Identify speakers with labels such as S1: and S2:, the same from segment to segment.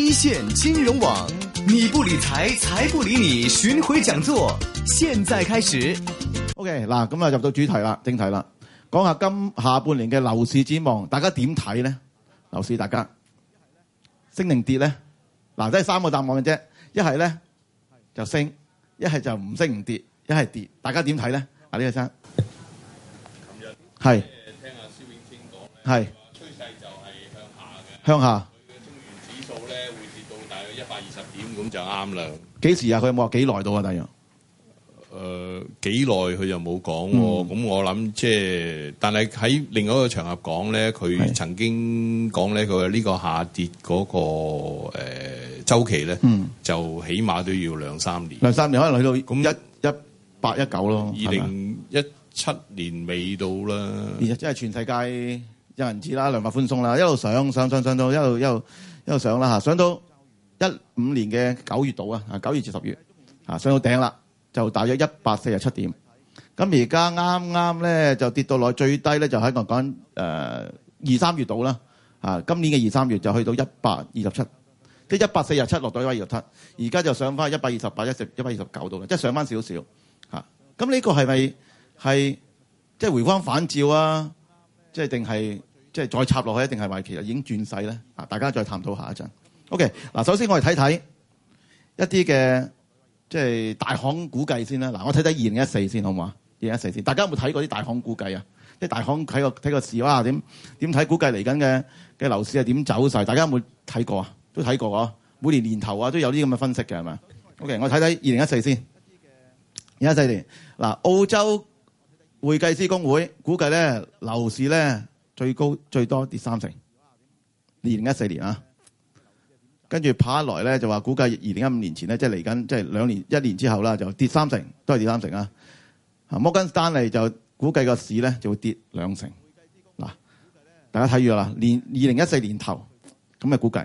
S1: 一線金融網，你不理財，財不理你。巡回講座，現在開始。OK，嗱，咁啊入到主題啦，正題啦，講下今下半年嘅樓市展望，大家點睇咧？樓市，大家呢升定跌咧？嗱、啊，即係三個答案嘅啫。一係咧就升，一係就唔升唔跌，一係跌。大家點睇咧？阿李生，係、啊，係、這個，趨勢就係向下嘅，向下。
S2: 咁就啱啦。幾時啊？佢有冇話幾耐到啊，大約。誒、呃，幾耐佢又冇講喎。咁、嗯、我諗即係，但係喺另一個場合講咧，佢曾經講咧，佢話呢是個下跌嗰、那個誒、呃、週期咧，嗯、就起
S1: 碼都要兩三年。兩三年可能去到咁一那一八一九咯。二零一七年尾到啦。而家即係全世界有人知啦，量化寬鬆啦，一路上上上上到一路一路一路上啦吓，上到。上一五年嘅九月度啊，啊九月至十月啊上到頂啦，就大約一百四十七點。咁而家啱啱咧就跌到落最低咧，就喺度講誒二三月度啦。啊，今年嘅二三月就去到一百二十七，即係一百四十七落到一百二十七，而家就上翻、就是、一百二十八、一十、一百二十九度啦，即係上翻少少。嚇，咁呢個係咪係即係回光返照啊？即係定係即係再插落去，一定係話其實已經轉勢咧？啊，大家再探討下一陣。OK，嗱，首先我哋睇睇一啲嘅，即係大行估計先啦。嗱，我睇睇二零一四先，好唔好啊？二零一四先，大家有冇睇過啲大行估計啊？即係大行睇個睇個市，哇點點睇估計嚟緊嘅嘅樓市係點走勢？大家有冇睇過啊？都睇過喎，每年年頭啊都有啲咁嘅分析嘅係嘛？OK，我睇睇二零一四先，二零一四年嗱，澳洲會計師公會估計咧樓市咧最高最多跌三成，二零一四年啊。跟住跑來咧，就話估計二零一五年前咧，即係嚟緊，即係兩年一年之後啦，就跌三成，都係跌三成啊！啊，摩根士丹利就估計個市咧就會跌兩成。嗱，大家睇住啦，年二零一四年頭咁嘅估計，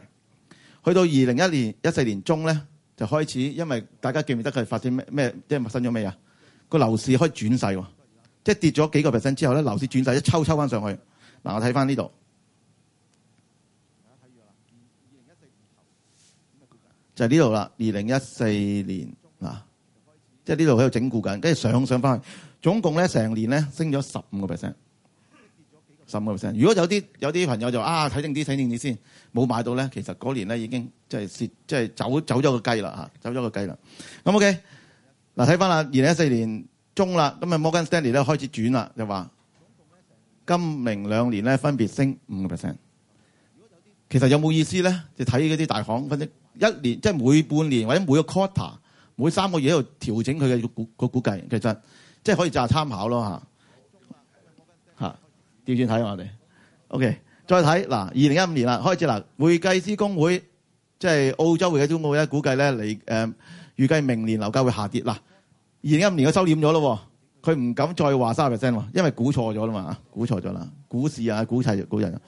S1: 去到二零一年一四年中咧就開始，因為大家記唔記得佢發展咩咩，即係發生咗咩啊？個樓市可以轉勢喎，即係跌咗幾個 percent 之後咧，樓市轉勢一抽抽翻上去。嗱，我睇翻呢度。就係呢度啦。二零一四年啊，即係呢度喺度整固緊，跟住上上翻去，總共咧成年咧升咗十五個 percent，十五個 percent。如果有啲有啲朋友就啊睇定啲睇定啲先，冇買到咧，其實嗰年咧已經即係蝕，即係走走咗個雞啦嚇，走咗個雞啦。咁 OK 嗱，睇翻啦，二零一四年中啦，咁啊摩根 Stanley 咧開始轉啦，就話今明兩年咧分別升五個 percent。其實有冇意思咧？就睇嗰啲大行分析，反正。一年即係、就是、每半年或者每個 quarter 每三個月喺度調整佢嘅估個估計，其實即係、就是、可以作參考咯吓，嚇調轉睇我哋。OK，再睇嗱，二零一五年啦，開始嗱，會計師公會即係、就是、澳洲會計中公會咧估計咧嚟誒預計明年樓價會下跌嗱。二零一五年佢收斂咗咯，佢唔敢再話三十 percent 喎，因為估錯咗啦嘛，估錯咗啦，股市啊，估齊估人。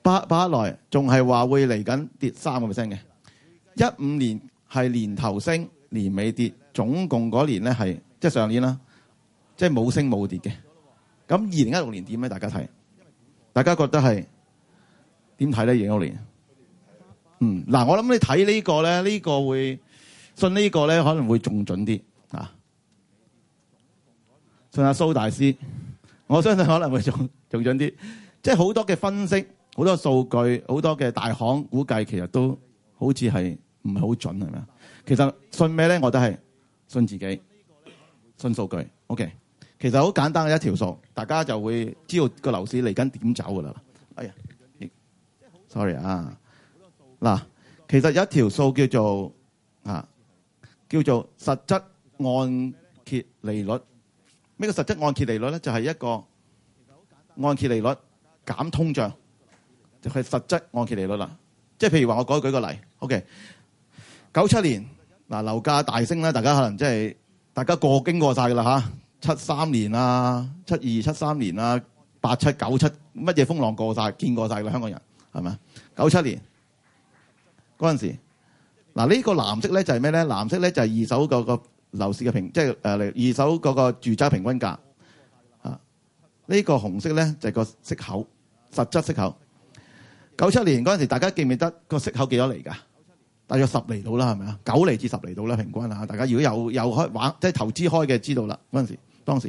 S1: 巴巴萊仲係話會嚟緊跌三個 percent 嘅。一五年係年頭升年尾跌，總共嗰年咧係即係上年啦，即係冇升冇跌嘅。咁二零一六年點咧？大家睇，大家覺得係點睇咧？二零一六年，嗯，嗱，呢個，我諗你睇呢個咧，呢個會信呢個咧，可能會仲準啲啊。信阿蘇大師，我相信可能會仲仲準啲。即係好多嘅分析，好多數據，好多嘅大行估計，其實都好似係。唔係好準係咪？其實信咩咧？我都係信自己，信數據。O.K. 其實好簡單嘅一條數，大家就會知道個樓市嚟緊點走㗎啦。哎呀，sorry 啊嗱，其實有一條數叫做啊，叫做實質按揭利率。咩叫實質按揭利率咧？就係一個按揭利率減通脹，就係實質按揭利率啦。即係譬如話，我舉舉個例，O.K. 九七年嗱樓價大升咧，大家可能即係大家過經過晒嘅啦嚇。七三年啊，七二七三年啊，八七九七乜嘢風浪過晒，見過晒嘅香港人係咪？九七年嗰陣時，嗱呢個藍色咧就係咩咧？藍色咧就係二手個個樓市嘅平，即係誒二手個個住宅平均價。呢個紅色咧就係個息口，實質息口。九七年嗰陣時，大家記唔記得個息口幾多嚟㗎？大約十厘到啦，係咪啊？九厘至十厘到啦，平均啦。大家如果有有開玩，即係投資開嘅，知道啦。嗰陣時，當時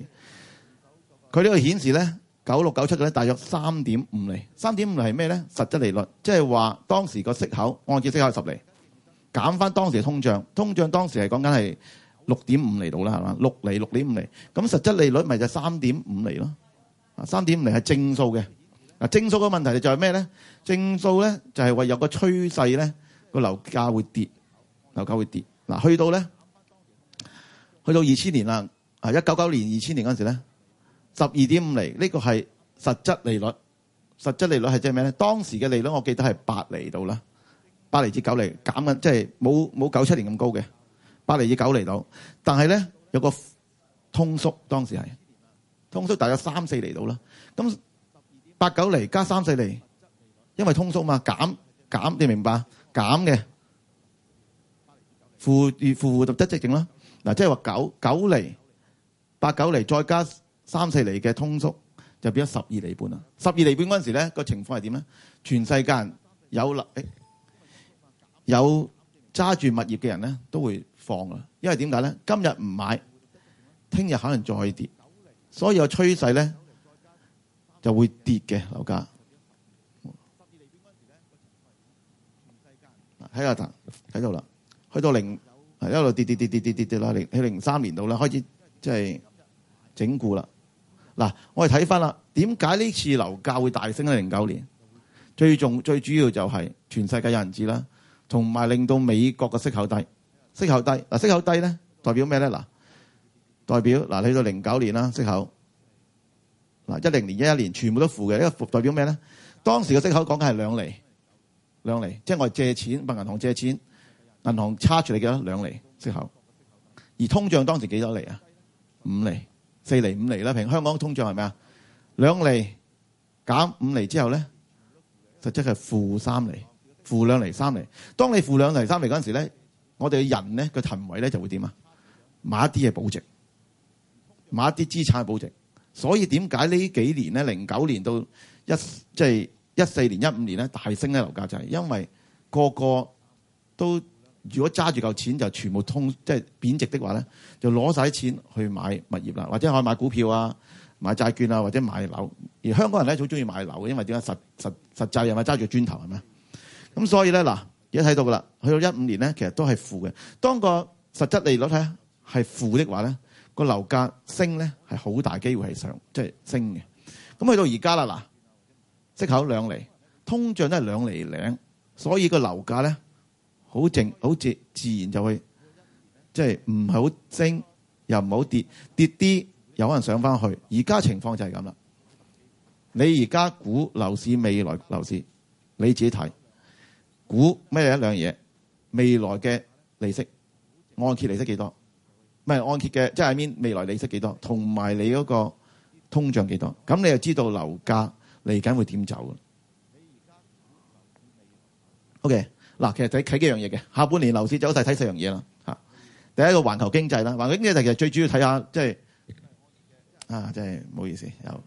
S1: 佢呢個顯示咧，九六九七嘅咧，大約三點五厘。三點五厘係咩咧？實質利率，即係話當時個息口按揭息口十厘，減翻當時嘅通脹，通脹當時係講緊係六點五厘到啦，係嘛？六厘、六點五厘。咁實質利率咪就三點五厘咯？啊，三點五厘係正數嘅。啊，正數嘅問題就係咩咧？正數咧就係話有個趨勢咧。個樓價會跌，樓價會跌。嗱，去到咧，去到二千年啦，啊，一九九年、二千年嗰陣時咧，十二點五厘，呢個係實質利率，實質利率係即係咩咧？當時嘅利率我記得係八厘到啦，八厘至九厘減緊，即係冇冇九七年咁高嘅，八厘至九厘到，但係咧有個通縮，當時係通縮大約三四厘到啦。咁八九厘加三四厘，因為通縮嘛，減減，你明白？減嘅負負負負負質值啦，嗱即係話九九釐八九厘, 8，厘再加三四厘嘅通縮，就變咗十二厘半啦。十二厘半嗰陣時咧個情況係點咧？全世界有樓有揸住物業嘅人咧都會放啦，因為點解咧？今日唔買，聽日可能再跌，所以個趨勢咧就會跌嘅樓價。睇下睇到啦，去到零一路跌跌跌跌跌跌跌啦，零去零三年度啦，開始即係整固啦。嗱、啊，我哋睇翻啦，點解呢次樓價會大升咧？零九年最重最主要就係全世界有人知啦，同埋令到美國嘅息口低，息口低，嗱，息口低咧代表咩咧？嗱，代表嗱去、啊啊、到零九年啦，息口嗱一零年一一年全部都負嘅，呢個負代表咩咧？當時嘅息口講緊係兩厘。兩厘，即係我借錢，問銀行借錢，銀行差住你幾多兩厘息口，而通脹當時幾多厘啊？五厘、四厘、五厘啦。平香港通脹係咩？啊？兩厘減五厘之後咧，實質係負三厘、負兩、啊、厘、三厘。當你負兩厘、三厘嗰陣時咧，我哋嘅人咧個行為咧就會點啊？買一啲嘢保值，買一啲資產保值。所以點解呢幾年咧？零九年到一即係。就是一四年、一五年咧，大升咧樓價就係因為個個都如果揸住嚿錢就全部通即係貶值的話咧，就攞晒啲錢去買物業啦，或者可以買股票啊、買債券啊，或者買樓。而香港人咧好中意買樓嘅，因為點解實實實際又咪揸住磚頭係咪？咁所以咧嗱，而家睇到噶啦，去到一五年咧，其實都係負嘅。當個實質利率咧係負的話咧，個樓價升咧係好大機會係上即係、就是、升嘅。咁去到而家啦嗱。息口兩厘，通脹都係兩厘零，所以個樓價咧好靜，好自自然就會即係唔係好升又唔好跌，跌跌啲，有可能上翻去。而家情況就係咁啦。你而家估樓市未來樓市你自己睇估咩一兩嘢？未來嘅利息按揭利息幾多？咩按揭嘅即係 mean 未來利息幾多？同埋你嗰個通脹幾多？咁你就知道樓價？嚟緊會點走？O K，嗱，okay, 其實睇，幾幾樣嘢嘅，下半年樓市走勢睇四樣嘢啦。吓，第一個環球經濟啦，環球經濟其實最主要睇下，即係 啊，即係唔好意思，有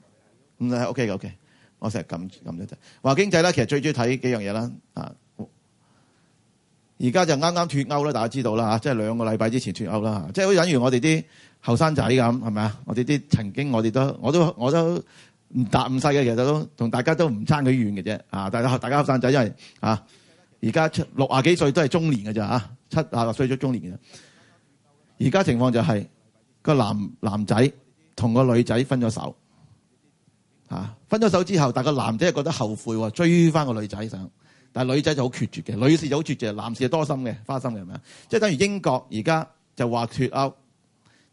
S1: 唔 O K，O K，我成日撳撳咗就，環球經濟啦，其實最主要睇幾樣嘢啦。而家就啱啱脫歐啦，大家知道啦吓，即係兩個禮拜之前脫歐啦吓，即係好似例如我哋啲後生仔咁，係咪啊？我哋啲曾經我哋都，我都我都。唔大唔細嘅，其實都同大家都唔差幾遠嘅啫。啊，大家大家後生仔，因為啊，而家七六啊幾歲都係中年嘅咋，嚇、啊，七啊六歲都中年嘅。而家情況就係、是那個男男仔同個女仔分咗手。嚇、啊，分咗手之後，但個男仔係覺得後悔喎，追翻個女仔上。但係女仔就好決絕嘅，女士就好決絕，男士就多心嘅，花心嘅係咪？即係等於英國而家就話脱歐，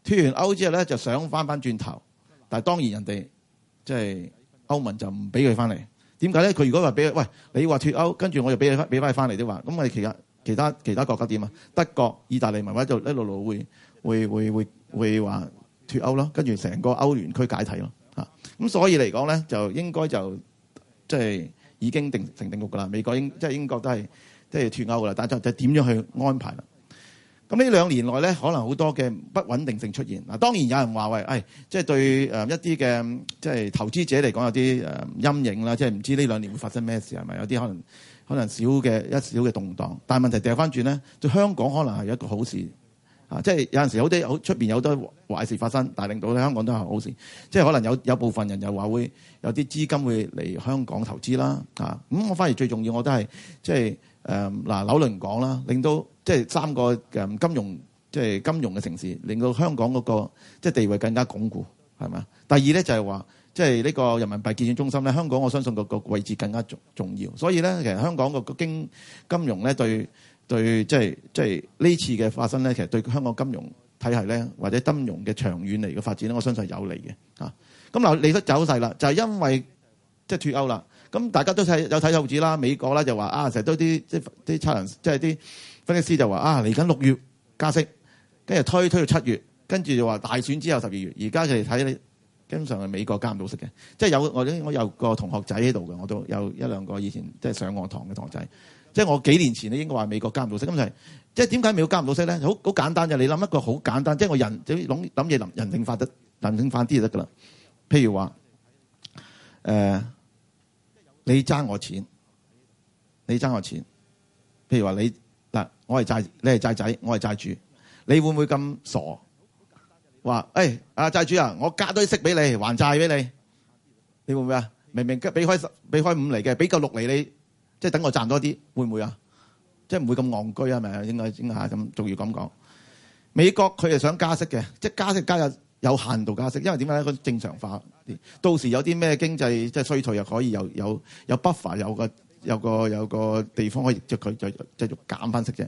S1: 脱完歐之後咧，就想翻翻轉頭，但係當然人哋。即係歐盟就唔俾佢翻嚟，點解咧？佢如果話俾佢，喂，你話脱歐，跟住我就俾佢翻，俾翻翻嚟的話，咁我哋其他其他其他國家點啊？德國、意大利、咪咪就一路路會會會會話脱歐咯，跟住成個歐元區解體咯嚇。咁所以嚟講咧，就應該就即係、就是、已經定成定局㗎啦。美國英即係、就是、英國都係即係脱歐㗎啦，但就就點樣去安排啦？咁呢兩年內咧，可能好多嘅不穩定性出現。嗱，當然有人話：喂、哎，誒、就是，即係對誒一啲嘅即係投資者嚟講有啲誒陰影啦，即係唔知呢兩年會發生咩事係咪？有啲可能可能少嘅一少嘅動蕩，但係問題掉翻轉咧，對香港可能係一個好事啊！即係有陣時好啲，好出邊，有好多壞事發生，但係令到香港都係好事。即係可能有有部分人又話會有啲資金會嚟香港投資啦，咁、嗯、我反而最重要我都係即係。誒嗱，紐倫、嗯、港啦，令到即係、就是、三個誒金融，即、就、係、是、金融嘅城市，令到香港嗰個即係地位更加鞏固，係咪啊？第二咧就係、是、話，即係呢個人民幣結算中心咧，香港我相信個個位置更加重重要。所以咧，其實香港個個經金融咧，對對，即係即係呢次嘅發生咧，其實對香港金融體系咧，或者金融嘅長遠嚟嘅發展咧，我相信係有利嘅嚇。咁、啊、嗱，利息走勢啦，就係、是、因為即係、就是、脱歐啦。咁大家都睇有睇報紙啦，美國啦就話啊，成日都啲即啲差人即係啲分析師就話啊，嚟緊六月加息，跟住推推到七月，跟住就話大選之後十二月。而家就嚟睇你，基本上係美國加唔到息嘅。即係有我我有個同學仔喺度嘅，我都有一兩個以前即係上我堂嘅堂仔，即係我幾年前咧應該話美國加唔到息，咁就係、是、即係點解美國加唔到息咧？好好簡單嘅，你諗一個好簡單，即係我人就諗諗嘢諗人性化得人性化啲就得噶啦。譬如話你爭我錢，你爭我錢。譬如話你嗱，我係債，你係債仔，我係債主，你會唔會咁傻？話誒、欸，啊債主啊，我加多啲息俾你，還債俾你，你會唔會啊？明明俾開俾開五厘嘅，俾夠六厘你，即係等我賺多啲，會唔會啊？即係唔會咁戇居啊？係咪啊？應該應該咁，仲要咁講。美國佢係想加息嘅，即係加息加嘅。有限度加息，因為點解咧？正常化，到時有啲咩經濟即係衰退，又可以有有有 buffer，有個有個有個地方可以即佢繼續減翻息啫。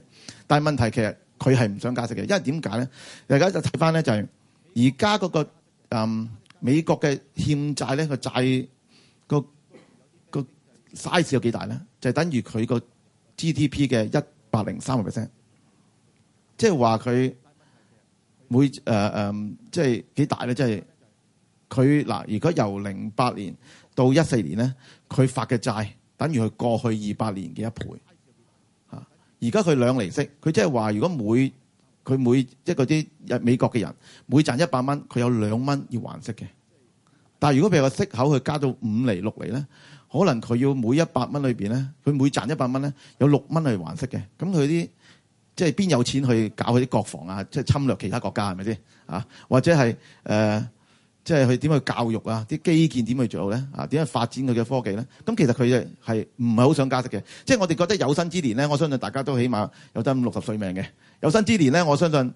S1: 但係問題其實佢係唔想加息嘅，因為點解咧？大家就睇翻咧，就係而家嗰個嗯美國嘅欠債咧，個債個個 size 有幾大咧？就等於佢個 GDP 嘅一百零三個 percent，即係話佢。就是。每誒誒、呃呃，即係幾大咧？即係佢嗱，如果由零八年到一四年咧，佢發嘅債等於佢過去二百年嘅一倍吓。而家佢兩厘息，佢即係話如果每佢每即係啲日美國嘅人，每賺一百蚊，佢有兩蚊要還息嘅。但係如果譬如個息口佢加到五厘、六厘咧，可能佢要每一百蚊裏邊咧，佢每賺一百蚊咧，有六蚊係還息嘅。咁佢啲。即係邊有錢去搞佢啲國防啊？即係侵略其他國家係咪先啊？或者係誒，即係去點去教育啊？啲基建點去做咧啊？點去發展佢嘅科技咧？咁其實佢係唔係好想加息嘅？即係我哋覺得有生之年咧，我相信大家都起碼有得五六十歲命嘅。有生之年咧，我相信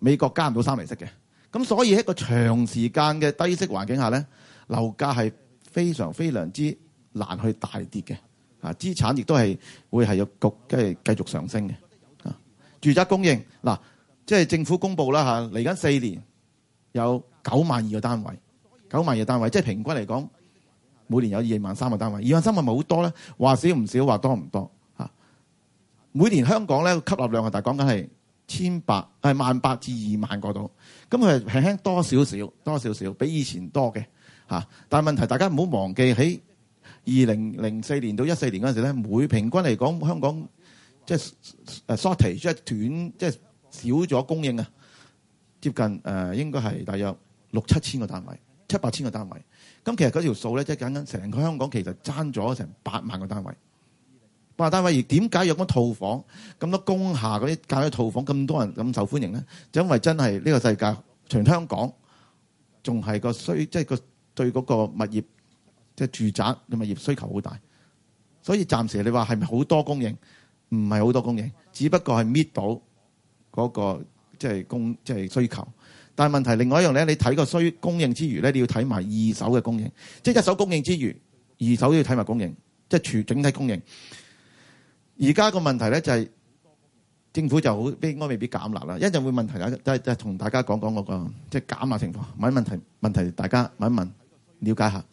S1: 美國加唔到三厘息嘅。咁所以喺個長時間嘅低息環境下咧，樓價係非常非常之難去大跌嘅啊！資產亦都係會係有局，跟住繼續上升嘅。住宅供應嗱，即係政府公佈啦嚇，嚟緊四年有九萬二個單位，九萬二個單位，即係平均嚟講，每年有二萬三個單位，二萬三個咪好多咧？話少唔少，話多唔多嚇？每年香港咧吸納量啊，大係講緊係千百係萬八至二萬個到，咁佢係輕輕多少少多少少，比以前多嘅嚇。但係問題大家唔好忘記喺二零零四年到一四年嗰陣時咧，每平均嚟講香港。即係誒 shortage，即係短，即係少咗供應啊！接近誒、呃、應該係大約六七千個單位，七八千個單位。咁其實嗰條數咧，即係緊緊成個香港其實爭咗成八萬個單位，八萬單位。而點解有咁套房，咁多工廈嗰啲間咗套房咁多人咁受歡迎咧？就因為真係呢個世界，全香港仲係個需，即、就、係、是、個對嗰個物業即係、就是、住宅嘅物業需求好大。所以暫時你話係咪好多供應？唔係好多供應，只不過係搣到嗰、那個即係、就是、供即係、就是、需求。但係問題另外一樣咧，你睇個需供應之餘咧，你要睇埋二手嘅供應，即、就、係、是、一手供應之餘，二手都要睇埋供應，即係全整體供應。而家個問題咧就係、是、政府就好應該未必減立辣啦，一陣會問題啦，即係即係同大家講講嗰個即係、就是、減下辣情況。問一問題問題，問題大家問一問，了解一下。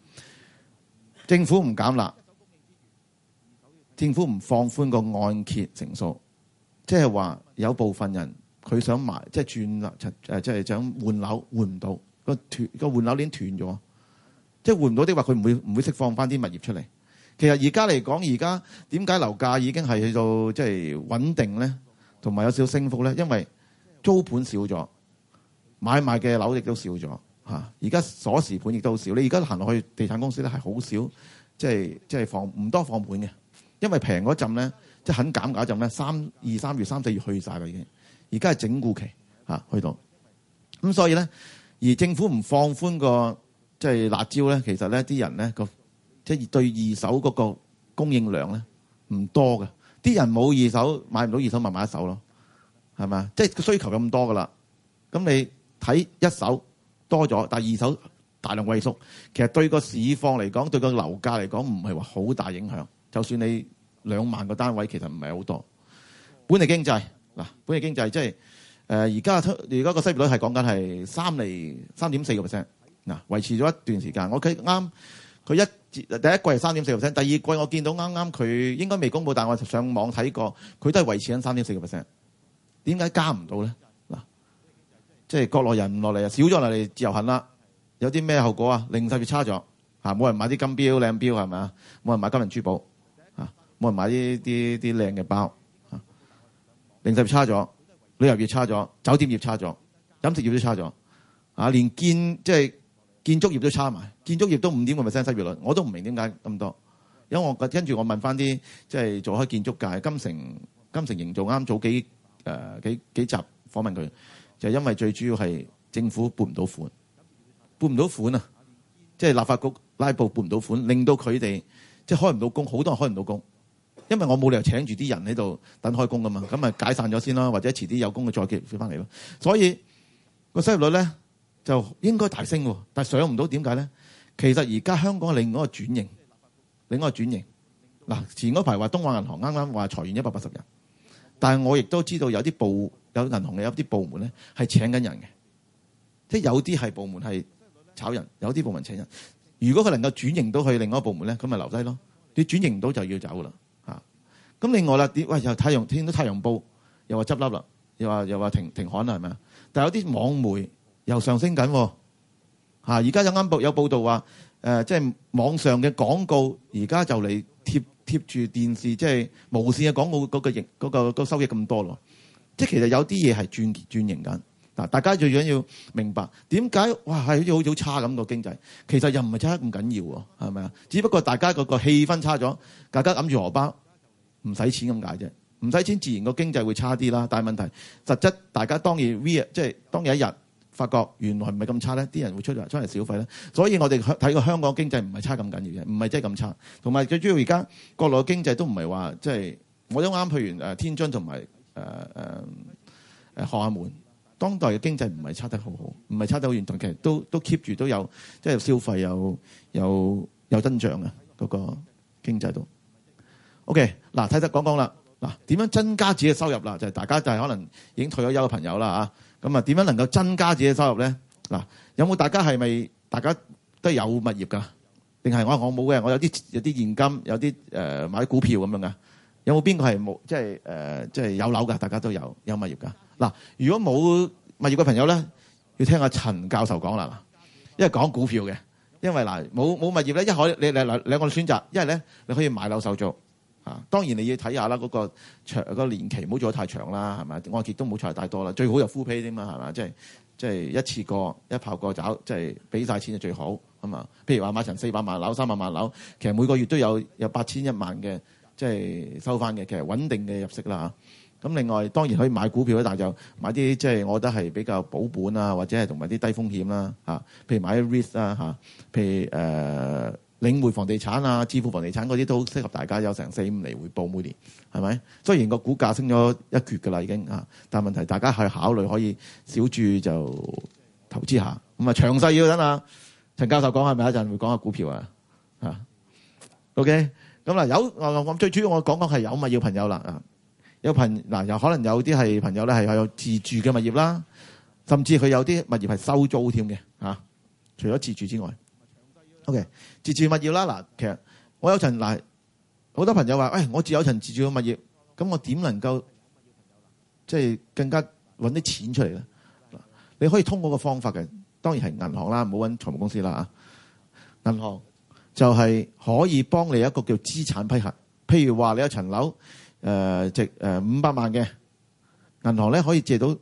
S1: 政府唔減辣。政府唔放寬個按揭成數，即係話有部分人佢想買，即係轉樓，即係想換樓換唔到個斷個換樓鏈斷咗，即係換唔到的話，佢唔會唔會釋放翻啲物業出嚟。其實而家嚟講，而家點解樓價已經係去到即係穩定咧，同埋有少少升幅咧？因為租盤少咗，買賣嘅樓亦都少咗嚇。而家鎖匙盤亦都少。你而家行落去，地產公司咧係好少，即係即係放唔多放盤嘅。因為平嗰陣咧，即係肯減價陣咧，三二三月三四月去晒啦，已經而家係整固期嚇、啊、去到咁，所以咧而政府唔放寬個即係辣椒咧，其實咧啲人咧個即係對二手嗰個供應量咧唔多嘅，啲人冇二手買唔到二手，咪買一手咯，係咪啊？即係個需求咁多噶啦，咁你睇一手多咗，但係二手大量萎縮，其實對個市況嚟講，對個樓價嚟講，唔係話好大影響。就算你兩萬個單位，其實唔係好多本地經濟嗱。本地經濟，地經濟即係誒，而家而家個失業率係講緊係三厘三點四個 percent 嗱，維持咗一段時間。我睇啱佢一第第一季係三點四個 percent，第二季我見到啱啱佢應該未公布，但我上網睇過，佢都係維持緊三點四個 percent。點解加唔到咧？嗱，即係國內人落嚟啊，少咗落嚟自由行啦，有啲咩後果啊？零售業差咗嚇，冇人買啲金錶靚錶係咪啊？冇人買金銀珠寶。我買呢啲啲靚嘅包，零售業差咗，旅遊業也差咗，酒店業也差咗，飲食業都差咗，啊連建即係、就是、建築業都差埋，建築業都五點個 percent 失業率，我都唔明點解咁多，因為我跟住我問翻啲即係做開建築界，金城金城營造啱早幾誒、呃、幾幾集訪問佢，就是、因為最主要係政府撥唔到款，撥唔到款啊，即、就、係、是、立法局拉布撥唔到款，令到佢哋即係開唔到工，好多人開唔到工。因為我冇理由請住啲人喺度等開工噶嘛，咁咪解散咗先咯，或者遲啲有工嘅再叫叫翻嚟咯。所以個失業率咧就應該大升，但係上唔到點解咧？其實而家香港另外一個轉型，另外一個轉型嗱，前嗰排話東亞銀行啱啱話裁員一百八十人，但係我亦都知道有啲部有銀行嘅有啲部門咧係請緊人嘅，即係有啲係部門係炒人，有啲部門請人。如果佢能夠轉型到去另外一個部門咧，咁咪留低咯；你轉型唔到就要走噶啦。咁另外啦，喂又太陽聽到太陽報，又話執笠啦，又話又停停刊啦，係咪啊？但係有啲網媒又上升緊喎。而家有啱報有報道話誒，即係網上嘅廣告而家就嚟貼貼住電視，即係無線嘅廣告嗰個營嗰個個收益咁多咯。即係其實有啲嘢係轉轉型緊嗱，大家最緊要要明白點解哇係好似好早差咁個經濟，其實又唔係差得咁緊要喎，係咪啊？只不過大家個個氣氛差咗，大家揞住荷包。唔使錢咁解啫，唔使錢自然個經濟會差啲啦。但係問題實質，大家當然 view 即係當有一日發覺原來唔係咁差咧，啲人會出嚟出嚟消費咧。所以我哋睇個香港經濟唔係差咁緊要嘅，唔係真係咁差。同埋最主要而家國內嘅經濟都唔係話即係我都啱啱去完誒、呃、天津同埋誒誒誒河下門，當代嘅經濟唔係差得好好，唔係差得好嚴重，其實都都 keep 住都有即係、就是、消費有有有，有增長嘅嗰、那個經濟度。OK。嗱，睇得講講啦，嗱，點樣增加自己嘅收入啦？就係、是、大家就係可能已經退咗休嘅朋友啦啊。咁啊，點樣能夠增加自己嘅收入咧？嗱，有冇大家係咪？大家都有物業噶，定係我我冇嘅？我有啲有啲現金，有啲誒、呃、買股票咁樣噶。有冇邊個係冇？即係誒，即、就、係、是、有樓噶？大家都有有物業噶。嗱，如果冇物業嘅朋友咧，要聽阿陳教授講啦，因為講股票嘅。因為嗱，冇冇物業咧，一可你你兩兩個選擇，一係咧你可以買樓收租。啊，當然你要睇下啦，嗰個長嗰個年期唔好做得太長啦，係咪？按揭都唔好財太多啦，最好就 full pay 啫嘛，係咪？即係即係一次過一炮過走，即係俾晒錢就最好咁啊。譬如話買成四百萬樓，三百萬樓，其實每個月都有有八千一萬嘅，即係收翻嘅，其實穩定嘅入息啦嚇。咁另外當然可以買股票啦，但係就買啲即係我覺得係比較保本啊，或者係同埋啲低風險啦嚇。譬如買啲 risk 啦嚇，譬如誒。呃領匯房地產啊，置富房地產嗰啲都適合大家，有成四五厘回報每年，係咪？雖然個股價升咗一橛噶啦，已經啊，但問題大家係考慮可以小注就投資下，咁啊，詳細要等啊。陳教授講係咪一陣會講下股票啊，OK 咁嗱，okay? 有我最主要我講講係有物業朋友啦啊，有朋嗱又可能有啲係朋友咧係有自住嘅物業啦，甚至佢有啲物業係收租添嘅，除咗自住之外。O.K. 自住物業啦，嗱，其實我有層嗱，好多朋友話，誒，我自有層自住嘅物業，咁我點能夠，即係更加揾啲錢出嚟咧？嗱，你可以通過個方法嘅，當然係銀行啦，唔好揾財務公司啦吓，銀行就係可以幫你一個叫資產批核，譬如話你有層樓，誒，值誒五百萬嘅，銀行咧可以借到。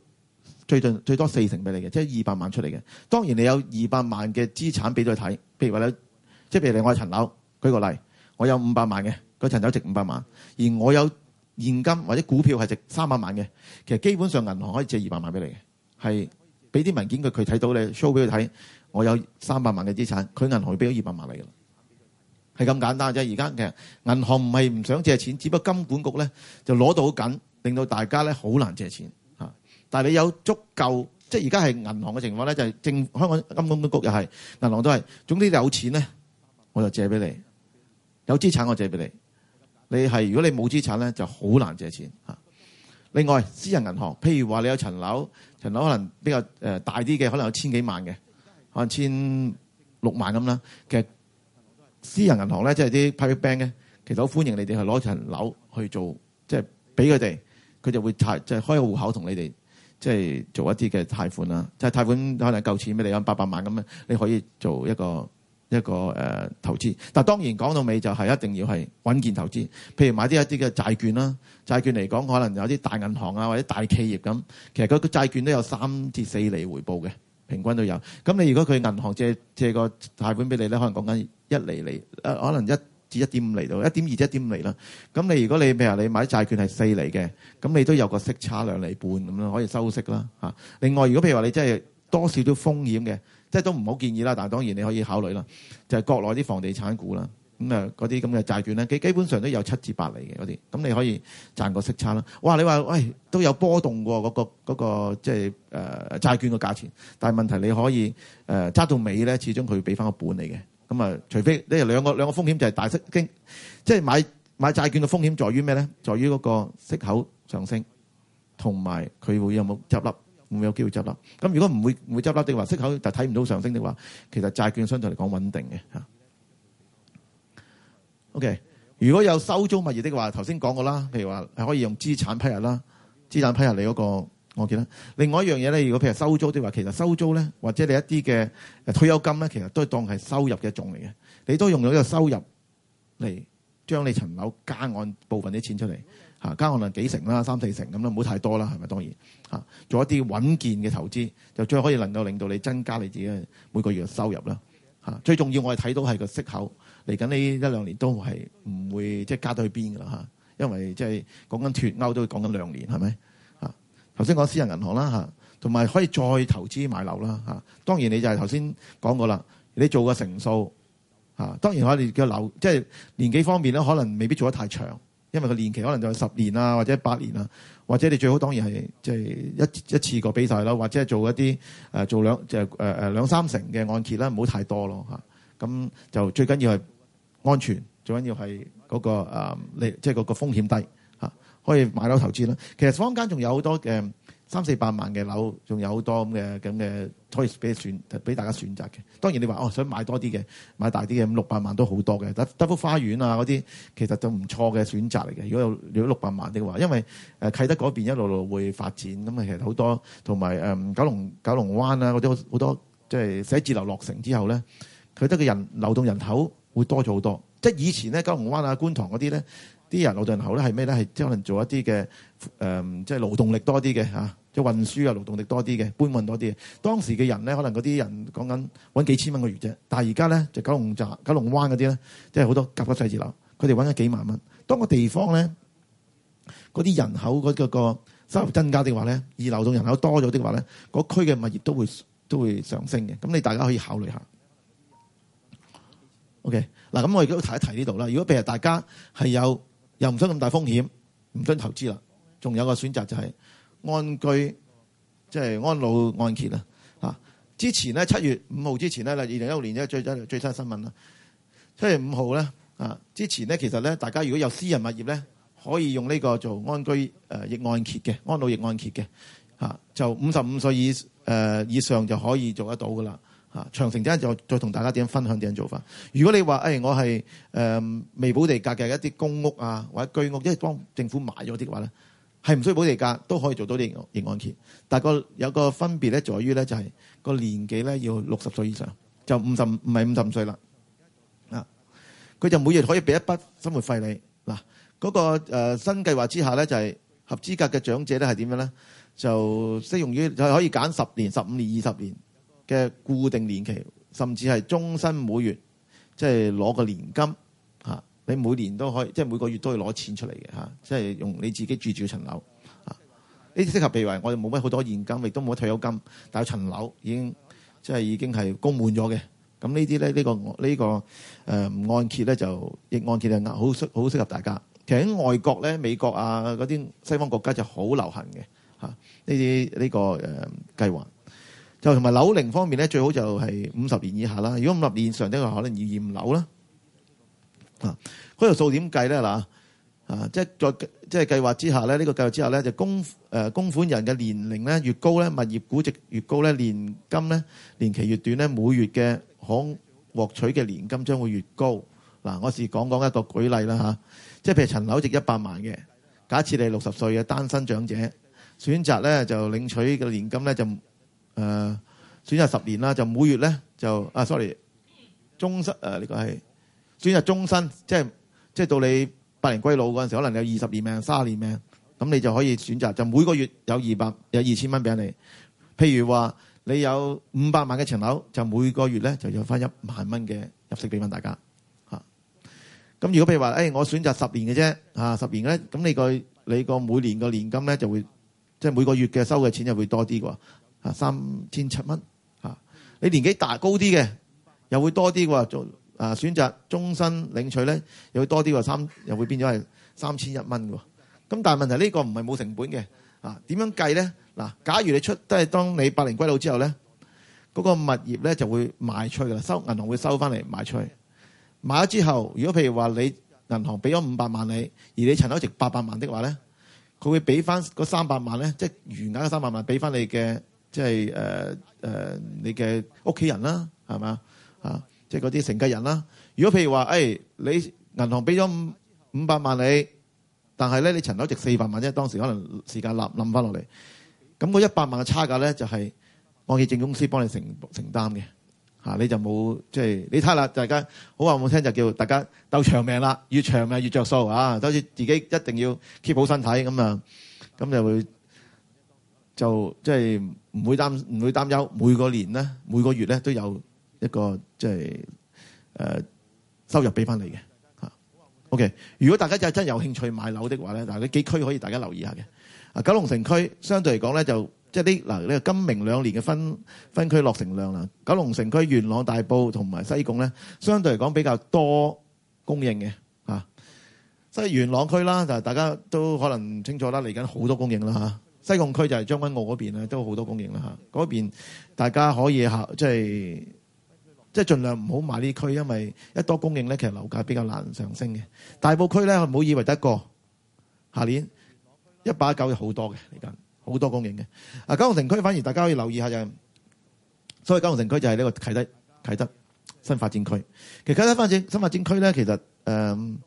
S1: 最近最多四成俾你嘅，即係二百萬出嚟嘅。當然你有二百萬嘅資產俾佢睇，譬如話你，即係譬如你我有層樓，舉個例，我有五百萬嘅，佢層樓值五百萬，而我有現金或者股票係值三百萬嘅，其實基本上銀行可以借二百萬俾你嘅，係俾啲文件佢，佢睇到你 show 俾佢睇，我有三百萬嘅資產，佢銀行要俾咗二百萬嚟嘅，係咁簡單啫。而家嘅銀行唔係唔想借錢，只不過金管局咧就攞到好緊，令到大家咧好難借錢。但係你有足夠，即係而家係銀行嘅情況咧，就係、是、政香港金管局又係銀行都係。總之有錢咧，我就借俾你；有資產我借俾你。你係如果你冇資產咧，就好難借錢嚇、啊。另外私人銀行，譬如話你有層樓，層樓可能比較誒大啲嘅，可能有千幾萬嘅，可能千六萬咁啦。其實私人銀行咧，即係啲 private bank 咧，其實好歡迎你哋去攞層樓去做，即係俾佢哋，佢就會查，即、就、係、是、開個戶口同你哋。即係做一啲嘅貸款啦，即係貸款可能夠錢俾你，八百萬咁樣，你可以做一個一個誒、呃、投資。但係當然講到尾就係一定要係穩健投資，譬如買啲一啲嘅債券啦。債券嚟講，可能有啲大銀行啊或者大企業咁，其實嗰個債券都有三至四厘回報嘅，平均都有。咁你如果佢銀行借借個貸款俾你咧，可能講緊一厘厘，可能一 至一點五厘到一點二至一點五厘啦。咁你如果你譬如話你買啲債券係四厘嘅，咁你都有個息差兩厘半咁咯，可以收息啦。另外如果譬如話你真係多少都風險嘅，即係都唔好建議啦。但係當然你可以考慮啦。就係、是、國內啲房地產股啦，咁啊嗰啲咁嘅債券咧，基基本上都有七至八厘嘅嗰啲，咁你可以賺個息差啦。哇！你話喂都有波動喎，嗰、那個嗰即係誒債券嘅價錢，但係問題你可以誒揸、呃、到尾咧，始終佢俾翻個本你嘅。咁啊，除非你兩個兩個風險就係大息經，即係買買債券嘅風險在於咩呢？在於嗰個息口上升，同埋佢會有冇執笠，會唔會有機會執笠。咁如果唔會唔會執笠，定話息口就睇唔到上升的話，其實債券相對嚟講穩定嘅嚇。OK，如果有收租物業的話，頭先講過啦，譬如話可以用資產批入啦，資產批入你嗰個。我記得另外一樣嘢咧，如果譬如收租的話，其實收租咧，或者你一啲嘅退休金咧，其實都當係收入嘅一種嚟嘅。你都用咗一個收入嚟將你層樓加按部分啲錢出嚟嚇，加按可能幾成啦，三四成咁啦，唔好太多啦，係咪？當然，做一啲穩健嘅投資，就最可以能夠令到你增加你自己每個月嘅收入啦、嗯、最重要我哋睇到係個息口嚟緊呢一兩年都係唔會即係、就是、加到去邊噶啦嚇，因為即係講緊脫歐都會講緊兩年係咪？頭先講私人銀行啦嚇，同埋可以再投資買樓啦嚇。當然你就係頭先講過啦，你做個成數嚇。當然我哋嘅樓即係、就是、年紀方面咧，可能未必做得太長，因為個年期可能就係十年啊，或者八年啊，或者你最好當然係即係一一次過俾曬啦，或者係做一啲誒做兩就誒、是、誒兩三成嘅按揭啦，唔好太多咯嚇。咁就最緊要係安全，最緊要係嗰、那個誒即係個個風險低。可以買樓投資啦。其實坊間仲有好多嘅三四百萬嘅樓，仲有好多咁嘅咁嘅 choice 俾選，俾大家選擇嘅。當然你話哦，想買多啲嘅，買大啲嘅，五六百萬都好多嘅。得德福花園啊，嗰啲，其實就唔錯嘅選擇嚟嘅。如果有如果六百萬嘅話，因為誒啟德嗰邊一路路會發展，咁啊其實好多同埋誒九龍九龍灣啊，嗰啲好多即係、就是、寫字樓落成之後咧，佢得嘅人流動人口會多咗好多。即係以前咧九龍灣啊觀塘嗰啲咧。啲人勞動人口咧係咩咧？係即係可能做一啲嘅誒，即、呃、係、就是、勞動力多啲嘅嚇，即、啊、係運輸啊，勞動力多啲嘅，搬運多啲嘅。當時嘅人咧，可能嗰啲人講緊揾幾千蚊個月啫。但係而家咧，就九龍站、九龍灣嗰啲咧，即係好多甲級寫字樓，佢哋揾咗幾萬蚊。當那個地方咧，嗰啲人口嗰個收入增加嘅話咧，而勞動人口多咗啲嘅話咧，嗰、那個、區嘅物業都會都會上升嘅。咁你大家可以考慮一下。OK，嗱咁我亦都提一提呢度啦。如果譬如大家係有，又唔使咁大風險，唔準投資啦。仲有一個選擇就係安居即係、就是、安老按揭啦。啊，之前咧，七月五號之前咧，例二零一六年咧，最新最新新聞啦。七月五號咧啊，之前咧，其實咧，大家如果有私人物業咧，可以用呢個做安居誒，逆按揭嘅安老逆按揭嘅嚇，就五十五歲以誒以上就可以做得到噶啦。啊！長城點解就再同大家點樣分享點樣做法？如果你話誒、哎，我係誒、嗯、未補地價嘅一啲公屋啊，或者居屋，即係幫政府買咗啲嘅話咧，係唔需要補地價都可以做到啲安老按揭。但係個有個分別咧，在於咧就係、是、個年紀咧要六十歲以上，就五十唔係五十五歲啦。啊！佢就每月可以俾一筆生活費你嗱。嗰、啊那個、呃、新計劃之下咧，就係、是、合資格嘅長者咧係點樣咧？就適用於就可以揀十年、十五年、二十年。嘅固定年期，甚至係終身每月，即係攞個年金吓，你每年都可以，即係每個月都要攞錢出嚟嘅嚇，即係用你自己住住層樓啊，呢啲適合譬如，我哋冇乜好多現金，亦都冇乜退休金，但係層樓已經即係已經係供滿咗嘅，咁呢啲咧呢個呢、呢個誒、呃、按揭咧就亦按揭就好適好適合大家，其實喺外國咧美國啊嗰啲西方國家就好流行嘅吓呢啲呢個、呃、計劃。就同埋樓齡方面咧，最好就係五十年以下啦。如果五十年以上，呢個可能要驗樓啦。啊，嗰條數點計咧嗱啊，即係在即係計劃之下咧，呢個計劃之下咧，就供、呃、供款人嘅年齡咧越高咧，物業估值越高咧，年金咧年期越短咧，每月嘅可獲取嘅年金將會越高嗱、啊。我試講講一個舉例啦吓、啊，即係譬如層樓值一百萬嘅，假設你六十歲嘅單身長者，選擇咧就領取嘅年金咧就。誒、呃、選擇十年啦，就每月咧就啊，sorry，終身誒呢個係選擇終身，即係即係到你百年歸老嗰陣時，可能有二十年命三十年命咁，你就可以選擇就每個月有二百有二千蚊俾你。譬如話你有五百萬嘅層樓，就每個月咧就有翻一萬蚊嘅入息俾翻大家嚇。咁、啊、如果譬如話誒、哎，我選擇十年嘅啫、啊、十年咧咁你個你個每年個年金咧就會即係、就是、每個月嘅收嘅錢就會多啲喎。啊三千七蚊、啊，你年紀大高啲嘅，又會多啲嘅喎。做啊選擇終身領取咧，又會多啲喎。三又會變咗係三千一蚊喎。咁、啊、但係問題呢個唔係冇成本嘅，啊點樣計咧？嗱、啊，假如你出都係當你百年歸老之後咧，嗰、那個物業咧就會賣出去啦，收銀行會收翻嚟賣出去。賣咗之後，如果譬如話你銀行俾咗五百萬你，而你層樓值八百萬的話咧，佢會俾翻嗰三百萬咧，即、就、係、是、餘額嘅三百萬俾翻你嘅。即係誒誒，你嘅屋企人啦，係嘛啊？嗯、即係嗰啲承繼人啦。如果譬如話，誒、哎、你銀行俾咗五五百萬你，但係咧你層樓值四百萬啫，當時可能時間冧冧翻落嚟，咁個一百萬嘅差價咧就係按揭證公司幫你承承擔嘅嚇。你就冇，即係你睇啦，大家好話冇聽就叫大家鬥長命啦，越長命越著數啊！都好似自己一定要 keep 好身體咁啊，咁就會。就即係唔會擔唔會擔憂，每個年咧每個月咧都有一個即係、呃、收入俾翻嚟嘅嚇。OK，如果大家真係有興趣買樓的話咧，嗱，幾區可以大家留意下嘅。啊，九龍城區相對嚟講咧，就即係啲嗱呢個今明兩年嘅分分區落成量啦。九龍城區元朗大埔同埋西貢咧，相對嚟講比較多供應嘅嚇。所以元朗區啦，就大家都可能清楚啦，嚟緊好多供應啦、嚇西貢區就係將軍澳嗰邊啦，都好多供應啦嚇。嗰邊大家可以嚇，即係即係盡量唔好買呢區，因為一多供應咧，其實樓價比較難上升嘅。大埔區咧，唔好以為得一個，下年一八一九有好多嘅嚟緊，好多供應嘅。啊，九龍城區反而大家可以留意一下就係，所謂九龍城區就係呢個啟德、啟德新發展區。其實啟德發展新發展區咧，其實誒、嗯，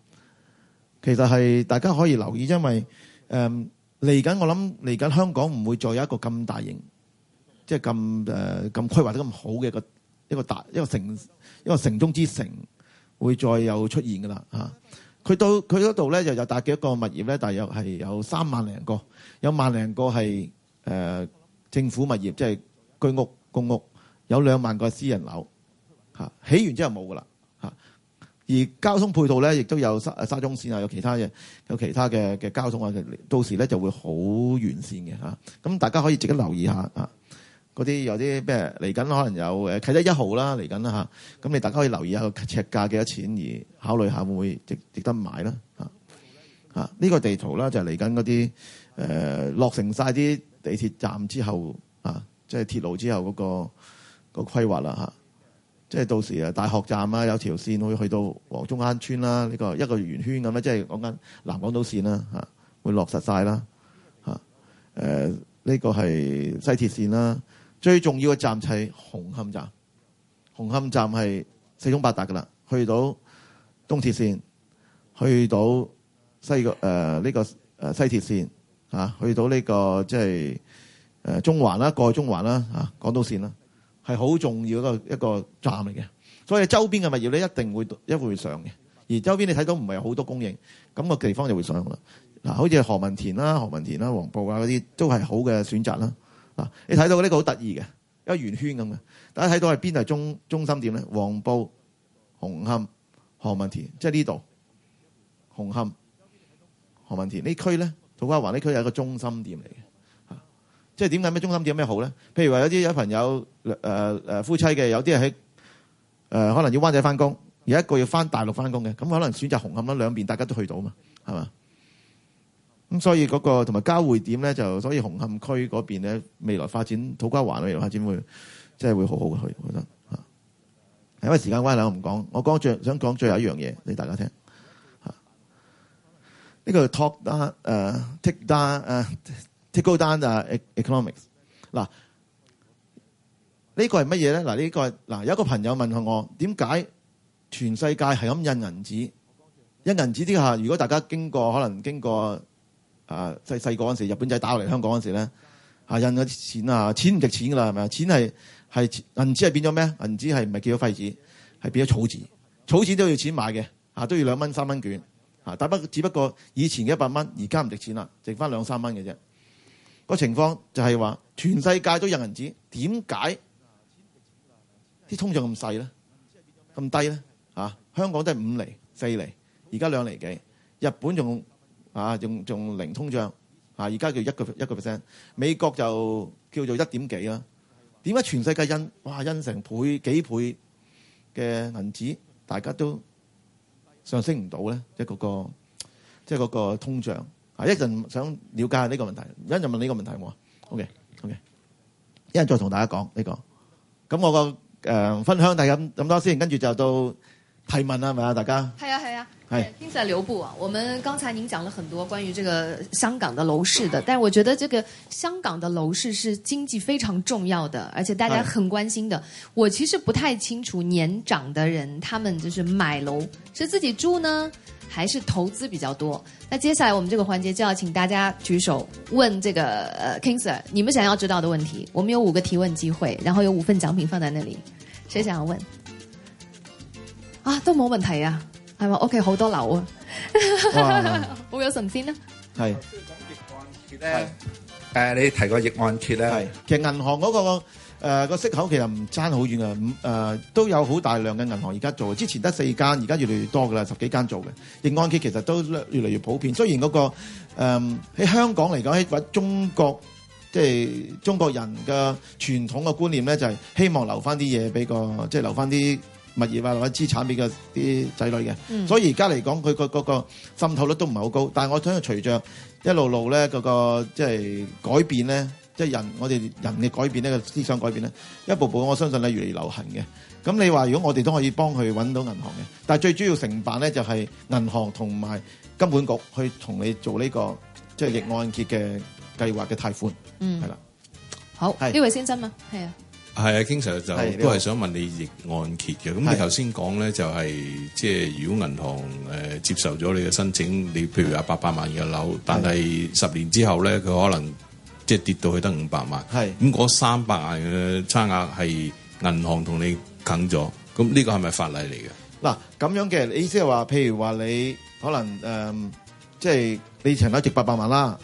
S1: 其實係大家可以留意，因為誒。嗯嚟緊，我諗嚟緊，香港唔會再有一個咁大型，即係咁誒咁規劃得咁好嘅一個一個大一個城一個城中之城會再有出現㗎啦嚇。佢、啊、到佢嗰度咧，又有達幾多個物業咧？大約係有三萬零個，有萬零個係誒、呃、政府物業，即、就、係、是、居屋公屋，有兩萬個是私人樓嚇。起、啊、完之後冇㗎啦。而交通配套咧，亦都有沙沙中線啊，有其他嘅有其他嘅嘅交通啊，到時咧就會好完善嘅。咁、啊、大家可以自己留意下啊，嗰啲有啲咩嚟緊，可能有誒啟德一號啦嚟緊啦嚇。咁、啊、你大家可以留意下個尺價幾多錢，而考慮下會唔會值值得買啦呢、啊啊呢個地圖啦，就係嚟緊嗰啲落成曬啲地鐵站之後啊，即係鐵路之後嗰、個個規劃啦、啊即係到時啊，大學站啦，有條線會去到黃中灣村啦，呢、這個、一個圓圈咁即係講緊南港島線啦，會落實晒啦，呢、呃這個係西鐵線啦，最重要嘅站就係紅磡站。紅磡站係四通八達㗎啦，去到東鐵線，去到西呢、呃這個、西鐵線、啊、去到呢、這個即係、就是呃、中環啦，過去中環啦嚇、啊，港島線啦。係好重要嘅一個站嚟嘅，所以周邊嘅物業咧一定會一會上嘅。而周邊你睇到唔係好多供應，咁個地方就會上啦。嗱，好似何文田啦、何文田啦、黃埔啊嗰啲都係好嘅選擇啦。嗱，你睇到呢個好得意嘅一個圓圈咁嘅，大家睇到係邊度係中中心點咧？黃埔、紅磡、何文田，即係呢度。紅磡、何文田呢區咧，土瓜灣呢區係一個中心點嚟嘅。即係點解咩中心點有咩好咧？譬如話有啲有朋友誒、呃、夫妻嘅，有啲係喺誒可能要灣仔翻工，而一個要翻大陸翻工嘅，咁可能選擇紅磡啦，兩邊大家都去到嘛，係嘛？咁所以嗰、嗰個同埋交匯點咧，就所以紅磡區嗰邊咧未來發展土瓜灣未來發展會真係會好好去，我覺得係因為時間關係，我唔講，我講最想講最後一樣嘢俾大家聽嚇。呢、呢個 talk that 誒 take that 誒 TikTok 單、uh, 啊，economics 嗱呢、啊呢個係乜嘢咧？嗱呢個嗱有一個朋友問下我點解全世界係咁印銀紙？印銀紙之下，如果大家經過可能經過啊細細個嗰陣時，日本仔打落嚟香港嗰陣時咧啊印咗錢啊錢唔值錢噶啦，係咪啊？錢係係銀紙係變咗咩？銀紙係唔係叫咗廢紙？係變咗草紙？草紙都要錢買嘅嚇、啊，都要兩蚊三蚊卷嚇、啊，但不只不過以前嘅一百蚊而家唔值錢啦，剩翻兩三蚊嘅啫。個情況就係話，全世界都有銀紙，點解啲通脹咁細咧、咁低咧？嚇、啊，香港都係五厘、四厘，而家兩厘幾，日本仲嚇仲仲零通脹，嚇，而家叫一個一個 percent，美國就叫做一點幾啦。點解全世界印哇印成倍幾倍嘅銀紙，大家都上升唔到咧？即係嗰個，即係嗰個通脹。啊！一陣想了解下呢個問題，一陣問呢個問題喎。OK，OK，OK, OK, 一陣再同大家講呢、這個。咁我個誒、呃、分享大家咁咁多先，跟住就到。提問啊，嘛啊，大家。好呀、啊，好呀、
S3: 啊。係，King Sir 留步啊！我們剛才您講了很多關於這個香港的樓市的，但我覺得這個香港的樓市是經濟非常重要的，而且大家很關心的。對我其實不太清楚年長的人他們就是買樓是自己住呢，還是投資比較多。那接下來我們這個環節就要請大家舉手問這個、呃、King Sir 你們想要知道的問題。我們有五個提問機會，然後有五份獎品放在那裡，誰想要問？啊，都冇問題啊，係咪？屋企好多樓啊，好哇 有神仙啊。係是，即
S1: 係講逆按揭咧。誒是、呃，你提個逆案揭逆按揭咧，是是其實銀行嗰、那個誒個、呃、息口其實唔差好遠啊。五、呃、都有好大量嘅銀行而家做，之前得四間，而家越嚟越多噶啦，十幾間做嘅逆按揭其實都越嚟越普遍。雖然嗰、那個喺、呃、香港嚟講，喺中國即係、就是、中國人嘅傳統嘅觀念咧，就係希望留翻啲嘢俾個，即、就、係、是、留翻啲。物業啊，或者資產俾個啲仔女嘅，嗯、所以而家嚟講，佢個嗰個滲透率都唔係好高。但係我想到隨着一路路咧，嗰個即係改變咧，即係人我哋人嘅改變呢個思想改變咧，一步步我相信咧越嚟越流行嘅。咁你話如果我哋都可以幫佢揾到銀行嘅，但係最主要承辦咧就係、是、銀行同埋金管局去同你做呢、這個即係逆按揭嘅計劃嘅貸款，係啦、嗯。的好，呢是位
S3: 先生嘛，係啊。
S2: 係啊，King Sir 就都係想問你逆案揭嘅。咁的你頭先講咧，就係即係如果銀行接受咗你嘅申請，你譬如話八百萬嘅樓，但係十年之後咧，佢可能即係跌到去得五百萬。係咁的，嗰三百萬嘅差額係銀行同你啃咗。咁呢個係咪法例嚟嘅？
S1: 嗱，咁樣嘅，你意思係話，譬如話你可能誒，即、呃、係、就是、你層樓值八百萬啦。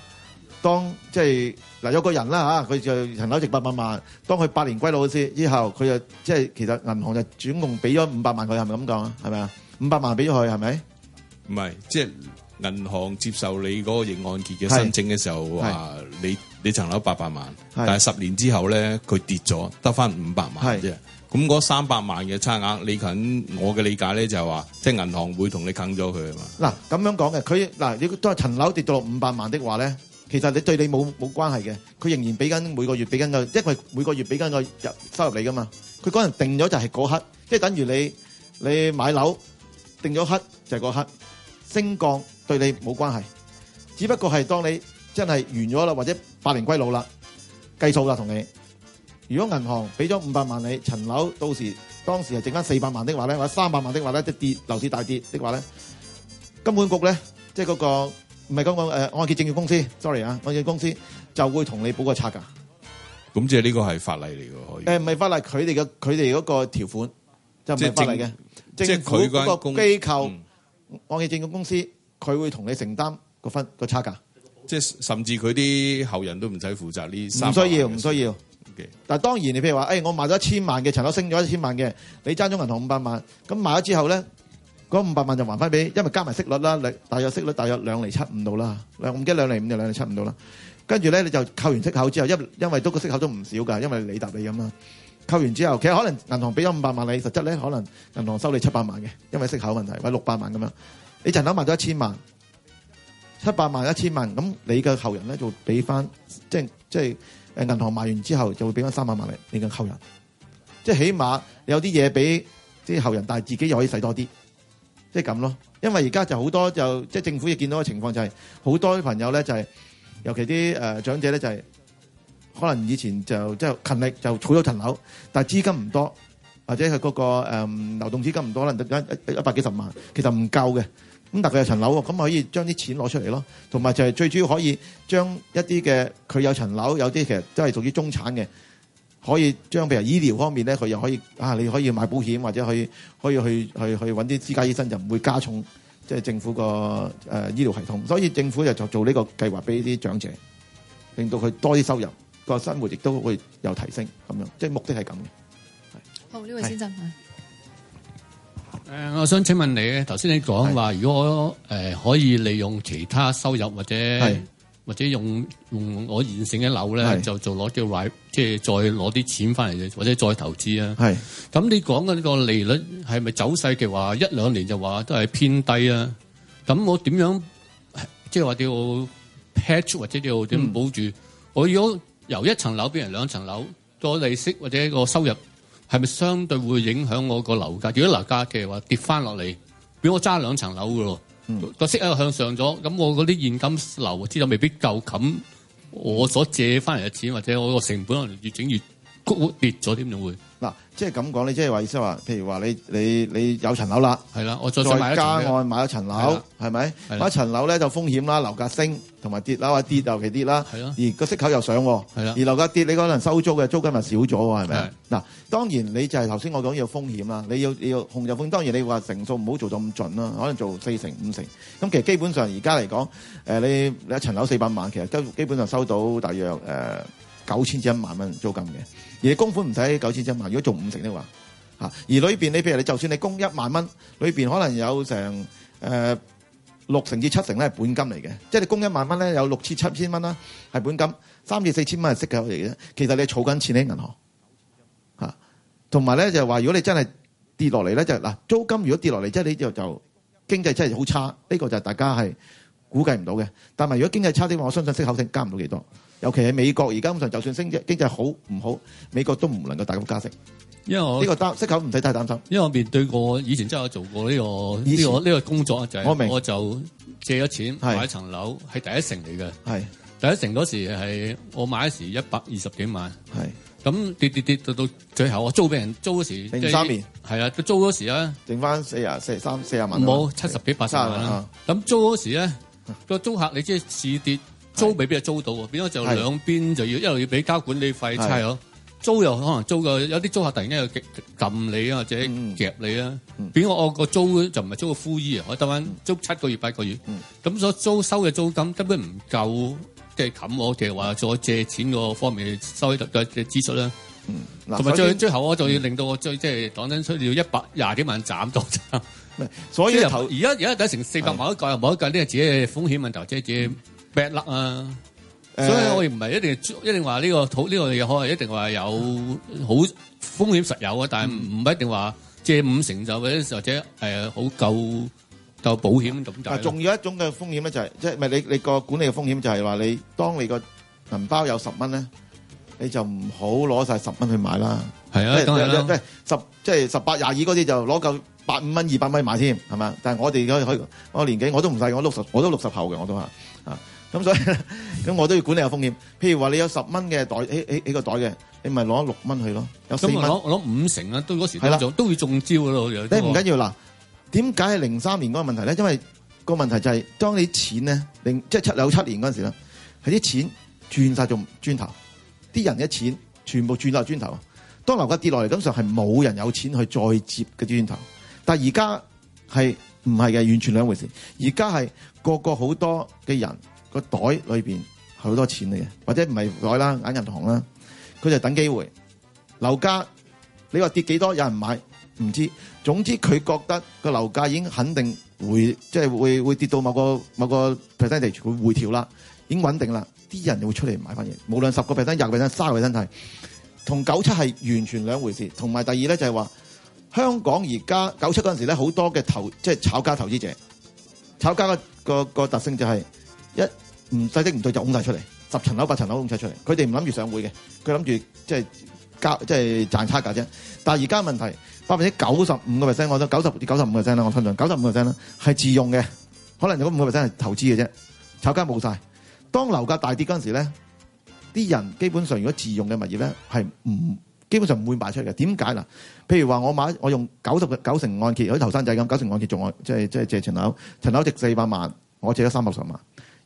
S1: 當即係嗱，有個人啦，佢就層樓值八百萬。當佢百年歸老之後，佢就即係其實銀行就轉共俾咗五百萬佢，係咪咁講啊？係咪啊？五百萬俾咗佢係咪？
S2: 唔係即係銀行接受你嗰個認按揭嘅申請嘅時候、啊、你你層樓八百萬，是但係十年之後咧佢跌咗得翻五百萬啫。咁嗰三百萬嘅差額，你近我嘅理解咧就係、是、話，即、就、係、是、銀行會同你啃咗佢啊嘛。
S1: 嗱咁樣講嘅佢嗱，你都係層樓跌到五百萬的話咧。其實你對你冇冇關係嘅，佢仍然俾緊每個月俾緊個，因為每個月俾緊個入收入你噶嘛。佢嗰陣定咗就係嗰刻，即係等於你你買樓定咗刻就係嗰刻，升降對你冇關係。只不過係當你真係完咗啦，或者八年歸老百年歸老啦，計數啦同你。如果銀行俾咗五百萬你層樓，到時當時係剩翻四百萬的話咧，或者三百萬的話咧，即跌樓市大跌的話咧，金管局咧即係嗰個。唔係咁講誒，按揭證券公司，sorry 啊，按揭公司就會同你補個差價。
S2: 咁即係呢個係法例
S1: 嚟嘅，可以。誒，唔係法例，佢哋嘅佢哋嗰個條款就唔係法例嘅。即係政、政府嗰個機構，按揭證券公司，佢會同你承擔個分個差價。
S2: 即係甚至佢啲後人都唔使負責呢三萬蚊。唔需要，唔需要。Okay.
S1: 但係當然你比如說，你譬如話，誒我買咗一千萬嘅，層樓升咗一千萬嘅，你爭咗銀行五百萬，咁買咗之後咧。嗰五百萬就還翻俾，因為加埋息率啦，大約息率大約兩厘七五度啦。我唔記得兩厘五就兩厘七五度啦。跟住咧，你就扣完息口之後，因為因為都個息口都唔少㗎，因為你答你咁啦。扣完之後，其實可能銀行俾咗五百萬你，實質咧可能銀行收你七百萬嘅，因為息口問題或者六百萬咁樣。你層樓賣咗一千萬，七百萬一千萬咁，你嘅後人咧就俾翻，即係即係誒銀行賣完之後就會俾翻三百萬你你嘅後人，即係起碼你有啲嘢俾啲後人，但係自己又可以使多啲。即係咁咯，因為而家就好多就即係政府亦見到嘅情況就係、是、好多朋友咧就係、是、尤其啲誒、呃、長者咧就係、是、可能以前就即係勤力就儲咗層樓，但係資金唔多，或者佢、那、嗰個、嗯、流動資金唔多啦，可能一一百幾十萬其實唔夠嘅。咁但係佢有層樓喎，咁可以將啲錢攞出嚟咯。同埋就係最主要可以將一啲嘅佢有層樓，有啲其實都係屬於中產嘅。可以將譬如醫療方面咧，佢又可以啊，你可以買保險或者可以可以去去去揾啲私家醫生，就唔會加重即係、就是、政府個誒、呃、醫療系統。所以政府又就做呢個計劃俾啲長者，令到佢多啲收入，個生活亦都會有提升咁樣。即、就、係、是、目的係咁。是好，
S3: 呢位先
S1: 生啊，誒是、呃，我
S4: 想請問你咧，頭先你講話，是如果我誒、呃、可以利用其他收入或者。或者用用我現成嘅樓咧，是就做攞啲外，即係再攞啲錢翻嚟，或者再投資啊。咁是你講嘅呢個利率係咪走勢嘅話，一兩年就話都係偏低啊？咁我點樣即係話叫 patch 或者叫點保住？嗯、我如果由一層樓變成兩層樓，個利息或者個收入係咪相對會影響我個樓價？如果樓價嘅話跌翻落嚟，俾我揸兩層樓㗎喎？嗯，個息又向上咗，咁我嗰啲現金流知道未必夠冚我所借翻嚟嘅錢，或者我個成本可能越整越
S1: 谷跌咗，點樣會？即係咁講，你即係話，意思話，譬如話，你你你有層樓啦，
S4: 係啦，我再加我
S1: 買咗層樓，係咪？買一層樓咧就風險啦，樓價升同埋跌，樓啊跌尤其跌啦，係咯。的而個息口又上，係啦的。而樓價跌，你可能收租嘅租金咪少咗喎，係咪？嗱的，當然你就係頭先我講要風險啦，你要要控就風，當然你話成數唔好做到咁盡啦，可能做四成五成。咁其實基本上而家嚟講，誒你你一層樓四百萬，其實都基本上收到大約誒九千至一萬蚊租金嘅。而你供款唔使九千七萬，如果做五成的話，嚇。而裏邊你譬如你就算你供一萬蚊，裏邊可能有成誒六成至七成咧係本金嚟嘅，即係你供一萬蚊咧有六千七千蚊啦係本金，三至四千蚊係息口嚟嘅。其實你儲緊錢喺銀行嚇，同埋咧就係話，如果你真係跌落嚟咧，就嗱租金如果跌落嚟，即係你度就，就，就經濟真係好差，呢、這個就係大家係估計唔到嘅。但係如果經濟差啲話，我相信息口性加唔到幾多。尤其喺美國，而家咁上，就算經濟好唔好，美國都唔能夠大咁加息。因為我呢個擔息口唔使太擔心。
S4: 因為我面對過以前真係有做過呢個呢個呢
S1: 個工作就係我
S4: 就借咗錢買層樓，係第一成嚟嘅。第一成嗰時係我買嘅時一百二十幾萬。咁跌跌跌到到最後，我租俾人租嗰時零三年。係啊，佢租嗰時啊，剩翻四十四
S1: 三四廿萬冇七十幾八十萬。
S4: 咁租嗰時咧，個租客你知係試跌。租未必係租到，變咗就兩邊就要一路要俾交管理費差咯。租又可能租個有啲租客突然間又撳你啊，或者夾你啊。比我個租就唔係租個 full year 我得翻租七個月八個月。咁所租收嘅租金根本唔夠即係冚我，嘅話做我借錢個方面收起特嘅支出啦。
S1: 同埋最
S4: 最後我就要令到我最即係講緊需要一百廿幾萬斬多。所以而家而家得成四百萬一個又冇一個，呢係自己風險問題即係自己。跌甩啊！所以、呃、我哋唔係一定一定話呢、呢個土呢、呢個嘢可能一定話有好風險實有啊，但係唔唔一定話借五成就或者誒好、呃、夠夠保險咁
S1: 就。但係仲有一種嘅風險咧就係，即係你你個管理嘅風險就係、是、話、就是、你，你，、就是、你當你個銀包有十蚊咧，你就唔好攞晒十蚊去買啦。係啊，就是、當然十即係十八廿二嗰啲就攞夠八五蚊二百蚊買添，係嘛？但係我哋可以我年紀我都唔細，我六十我都六十後嘅我都啊啊！咁所以，咁 我都要管理有風險。譬如話，你有十蚊嘅袋起起，起個袋嘅，你咪攞六蚊去咯。有四蚊，攞
S4: 攞五成啊都嗰時啦，的都要中招嘅咯。又說，唔緊要啦。
S1: 點解係零三年嗰個問題咧？因為個問題就係、是、當你啲錢咧，零即係七九七年嗰時啦，係啲錢轉晒做磚頭，啲人嘅錢全部轉晒磚頭。當樓價跌落嚟咁上，係冇人有錢去再接嘅磚頭。但係而家係唔係嘅，完全兩回事。而家係個個好多嘅人。個袋裏邊係好多錢嚟嘅，或者唔係袋啦，揀銀行啦，佢就等機會。樓價你話跌幾多，有人買唔知。總之佢覺得個樓價已經肯定會，即係會會跌到某個某個 percentage 會回調啦，已經穩定啦。啲人就會出嚟買翻嘢，無論十個 percent、廿個 percent、三個 percent 係同九七係完全兩回事。同埋第二咧就係話香港而家九七嗰陣時咧，好多嘅投即係炒家投資者，炒家個個個特性就係。一唔勢積唔對就擁曬出嚟，十層樓八層樓擁晒出嚟。佢哋唔諗住上會嘅，佢諗住即係交即係賺差價啫。但係而家嘅問題，百分之九十五個 percent 我都九十九十五個 percent 啦，我相信九十五個 percent 啦係自用嘅，可能有五個 percent 係投資嘅啫，炒家冇晒，當樓價大跌嗰陣時咧，啲人基本上如果自用嘅物業咧係唔基本上唔會賣出嚟嘅。點解嗱？譬如話我買我用九十九成按揭，好似後生仔咁九成按揭做按即係即係借層樓，層樓值四百萬，我借咗三百十萬。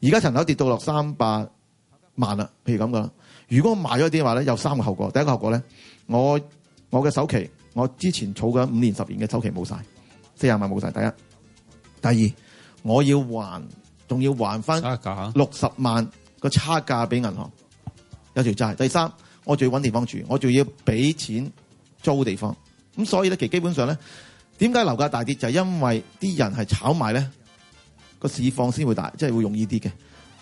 S1: 而家層樓跌到落三百萬啦，譬如咁噶啦。如果我賣咗啲嘅話咧，有三個後果。第一個後果咧，我我嘅首期，我之前儲緊五年、十年嘅首期冇晒，四十萬冇晒。第一，第二，我要還，仲要還翻六十萬個差價俾銀行，有條債。第三，我仲要揾地方住，我仲要俾錢租地方。咁所以咧，其實基本上咧，點解樓價大跌就係因為啲人係炒賣咧？個市況先會大，即係會容易啲嘅。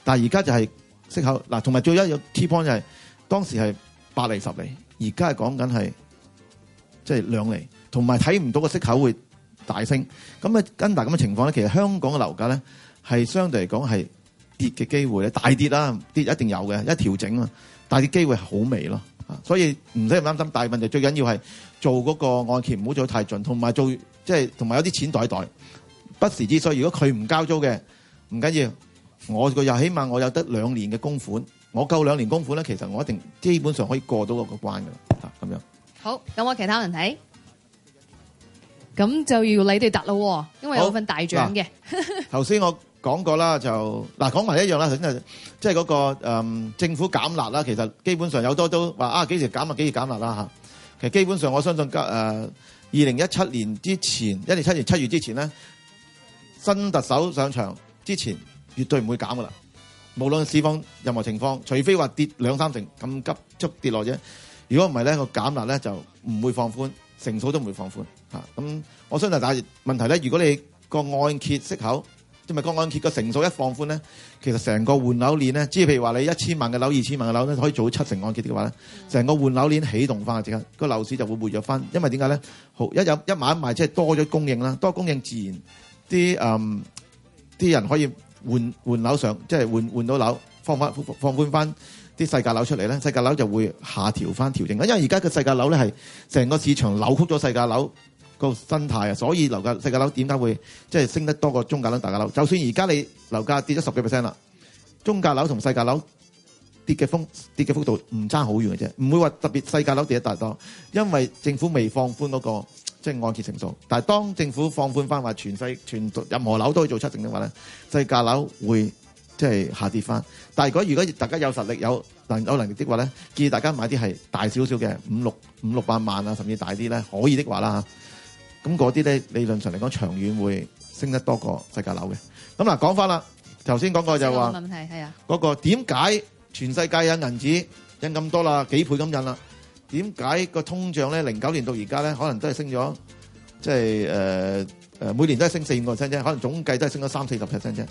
S1: 但係而家就係息口嗱，同埋最一有 key point 就係當時係八釐十釐，而家係講緊係即係兩釐。同埋睇唔到個息口會大升。咁啊，跟大咁嘅情況咧，其實香港嘅樓價咧係相對嚟講係跌嘅機會咧，大跌啦，跌一定有嘅，一調整啊。但係啲機會好微咯，所以唔使咁擔心。大問題最緊要係做嗰個按揭唔好做得太盡，同埋做即係同埋有啲錢袋袋。不時之需，如果佢唔交租嘅，唔緊要，我個又起碼我有得兩年嘅供款，我夠兩年供款咧，其實我一定基本上可以過到嗰個關噶啦，嚇咁樣。
S3: 好，咁有冇其他人睇，咁就要你哋答咯喎，因為有份大獎嘅。
S1: 頭先我講過啦，就嗱講埋一樣啦，頭先即係嗰個誒政府減辣啦，其實基本上有多都話啊幾時減辣啊幾時減辣啦嚇，其實基本上我相信今誒二零一七年之前，一零七年七月之前咧。新特首上場之前，絕對唔會減噶啦。無論市況任何情況，除非話跌兩三成咁急速跌落啫。如果唔係咧，個減壓咧就唔會放寬，成數都唔會放寬嚇。咁、啊、我相信，大家問題咧，如果你個按揭息口即係咪個按揭個成數一放寬咧，其實成個換樓鏈咧，即係譬如話你一千萬嘅樓、二千萬嘅樓咧，可以做到七成按揭嘅話咧，成個換樓鏈起動翻嘅，即刻個樓市就會活躍翻。因為點解咧？好一有一買一賣即係多咗供應啦，多供應自然。啲嗯，啲人可以換換樓上，即係換換到樓放翻放寬翻啲細價樓出嚟咧，細價樓就會下調翻調整。因為而家嘅細價樓咧係成個市場扭曲咗細價樓個生態啊，所以細價樓點解會即係升得多過中價樓、大價樓？就算而家你樓價跌咗十幾 percent 啦，中價樓同細價樓跌嘅風跌嘅幅度唔差好遠嘅啫，唔會話特別細價樓跌得大多，因為政府未放寬嗰、嗰個。即係按揭成數，但係當政府放寬翻話，全世全任何樓都要做七成的話咧，細價樓會即係下跌翻。但係如果如果大家有實力有能有能力的話咧，建議大家買啲係大少少嘅五六五六百萬啊，甚至大啲咧可以的話啦嚇。咁嗰啲咧理論上嚟講，長遠會升得多過細價樓嘅。咁嗱，講翻啦，頭先講過就話、是、嗰、嗰個點解全世界有銀紙印咁多啦，幾倍咁印啦？點解個通脹咧？零九年到而家咧，可能都係升咗，即係誒誒，每年都係升四五個 percent 啫。可能總計都係升咗三四十 percent 啫。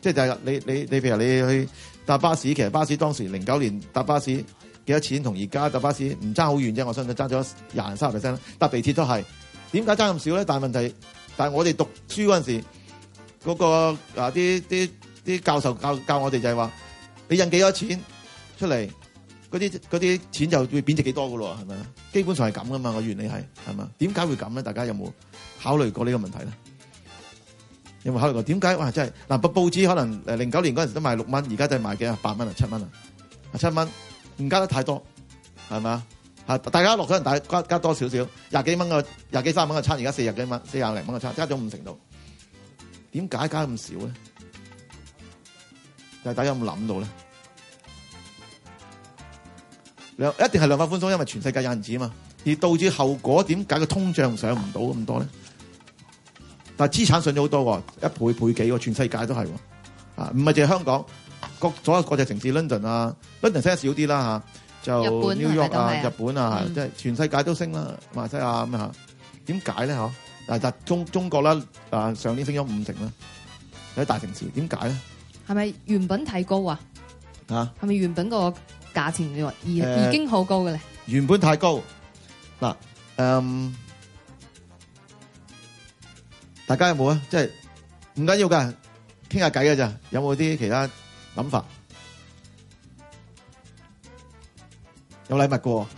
S1: 即係就係你你你，譬如你去搭巴士，其實巴士當時零九年搭巴士幾多錢，同而家搭巴士唔差好遠啫。我相信爭咗廿三十 percent，搭地鐵都係，點解爭咁少咧？但係問題，但係我哋讀書嗰陣時，嗰、嗰個啊啲啲啲教授教教我哋就係話，你印幾多錢出嚟？嗰啲啲錢就會貶值幾多噶咯，係咪啊？基本上係咁噶嘛，我原理係係咪啊？點解會咁咧？大家有冇考慮過呢個問題咧？有冇考慮過點解哇？真係嗱，報報紙可能誒零九年嗰陣都賣六蚊，而家就係賣幾啊八蚊啊七蚊啊七蚊，唔加得太多，係咪啊？啊，大家落咗人，大加加多少少廿幾蚊個廿幾三十蚊嘅差，而家四廿幾蚊四廿零蚊嘅差，加咗五成度。點解加咁少咧？但係大家有冇諗到咧？一定係量化寬鬆，因為全世界有銀紙啊嘛。而導致後果點解個通脹上唔到咁多咧？但係資產上咗好多喎，一倍倍幾喎，全世界都係喎。啊，唔係淨係香港各所有國際城市 London 啊，London 升少啲啦嚇，就 New York 啊、日本啊，即係全世界都升啦，馬來西亞咁嚇。點解咧嚇？嗱，特中中國啦，啊上年升咗五成啦，喺大城市點解咧？
S3: 係咪原本太高啊？嚇係咪原本個？
S1: 價錢你話已已經好高嘅咧，原本太高嗱。嗯，大家有冇啊？即係唔緊要噶傾下偈噶咋有冇啲其他諗法？有禮物過，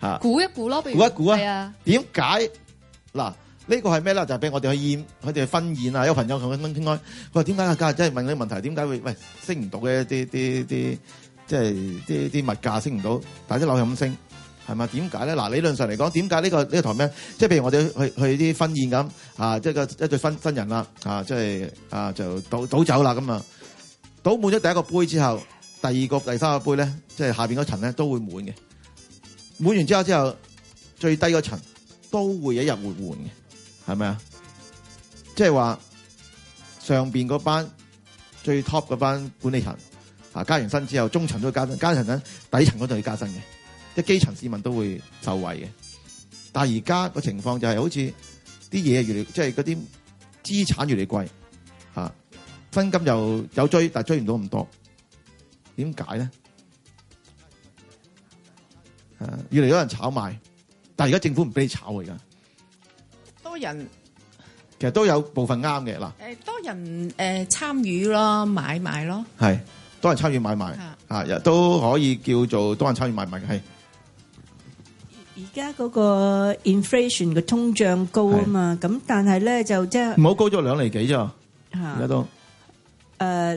S1: 吓，估
S3: 一估咯，估一估啊！
S1: 係啊！點解嗱？呢個係咩咧？就係、是、俾我哋去宴，佢哋去婚宴啊！有朋友同佢傾傾開，佢話點解啊？家下真係問你啲問題，點解會喂升唔到嘅？啲啲啲即係啲啲物價升唔到，但係啲樓又咁升，係咪？點解咧？嗱，理論上嚟講，點解呢個呢、呢個台咩？即係譬如我哋去去啲婚宴咁啊，即係一對新新人啦啊，即係啊就倒倒酒啦咁啊，倒滿咗第一個杯之後，第二個、第三個杯咧，即係下邊嗰層咧都會滿嘅。滿完之後之後，最低嗰層都會一日會換嘅。係咪啊？即係話上邊嗰班最 top 嗰班管理層啊，加完薪之後，中層都會加薪，加層薪，底層嗰度要加薪嘅，即係基層市民都會受惠嘅。但係而家個情況就係好似啲嘢，越嚟，即係嗰啲資產越嚟貴，吓，薪金又有追，但係追唔到咁多，點解咧？係越嚟越有人炒賣，但係而家政府唔俾你炒而家。多人其實都有部分啱嘅嗱，誒
S4: 多人誒參與咯，買賣咯，
S1: 係多人參與買賣是，都可以叫做多人參與買賣係
S4: 而家嗰個 inflation 嘅通脹高啊嘛，咁是但係咧就即係唔
S1: 好高咗兩厘幾咋，而
S4: 家是都誒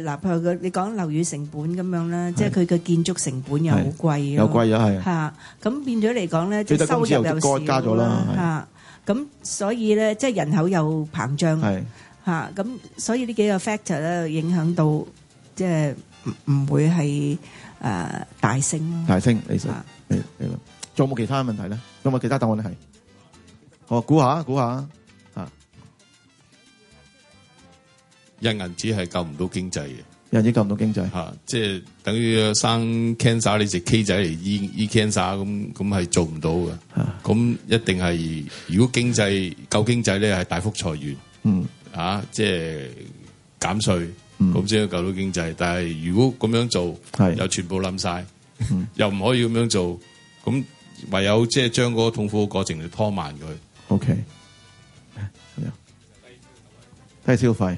S4: 嗱、譬如、你講樓宇成本咁樣啦，即係佢嘅建築成本又好貴，又貴咗係，吓咁變咗嚟講咧，即係收入又加咗啦，吓。咁所以咧，即係人口又膨脹，嚇咁，所以呢幾個 factor 咧影
S1: 響到，即係唔唔會係誒大升咯。大升，你信？你你仲有冇其他問題咧？仲有冇其他答案咧？係，好估下，估下嚇，
S2: 印銀紙係救唔到經濟嘅。
S1: 人哋救唔到經濟，啊、即
S2: 係等於生 cancer，你食 K 仔嚟醫 cancer，咁咁係做唔到嘅。咁、啊、一定係如果經濟救經濟咧，係大幅財源。嗯，啊、即係減稅，咁先要救到經濟。但係如果咁樣做，是又全部冧晒，嗯、又唔可以咁樣做，咁唯有即係將嗰個痛苦過程嚟拖慢佢。OK，咁樣
S1: 低消費。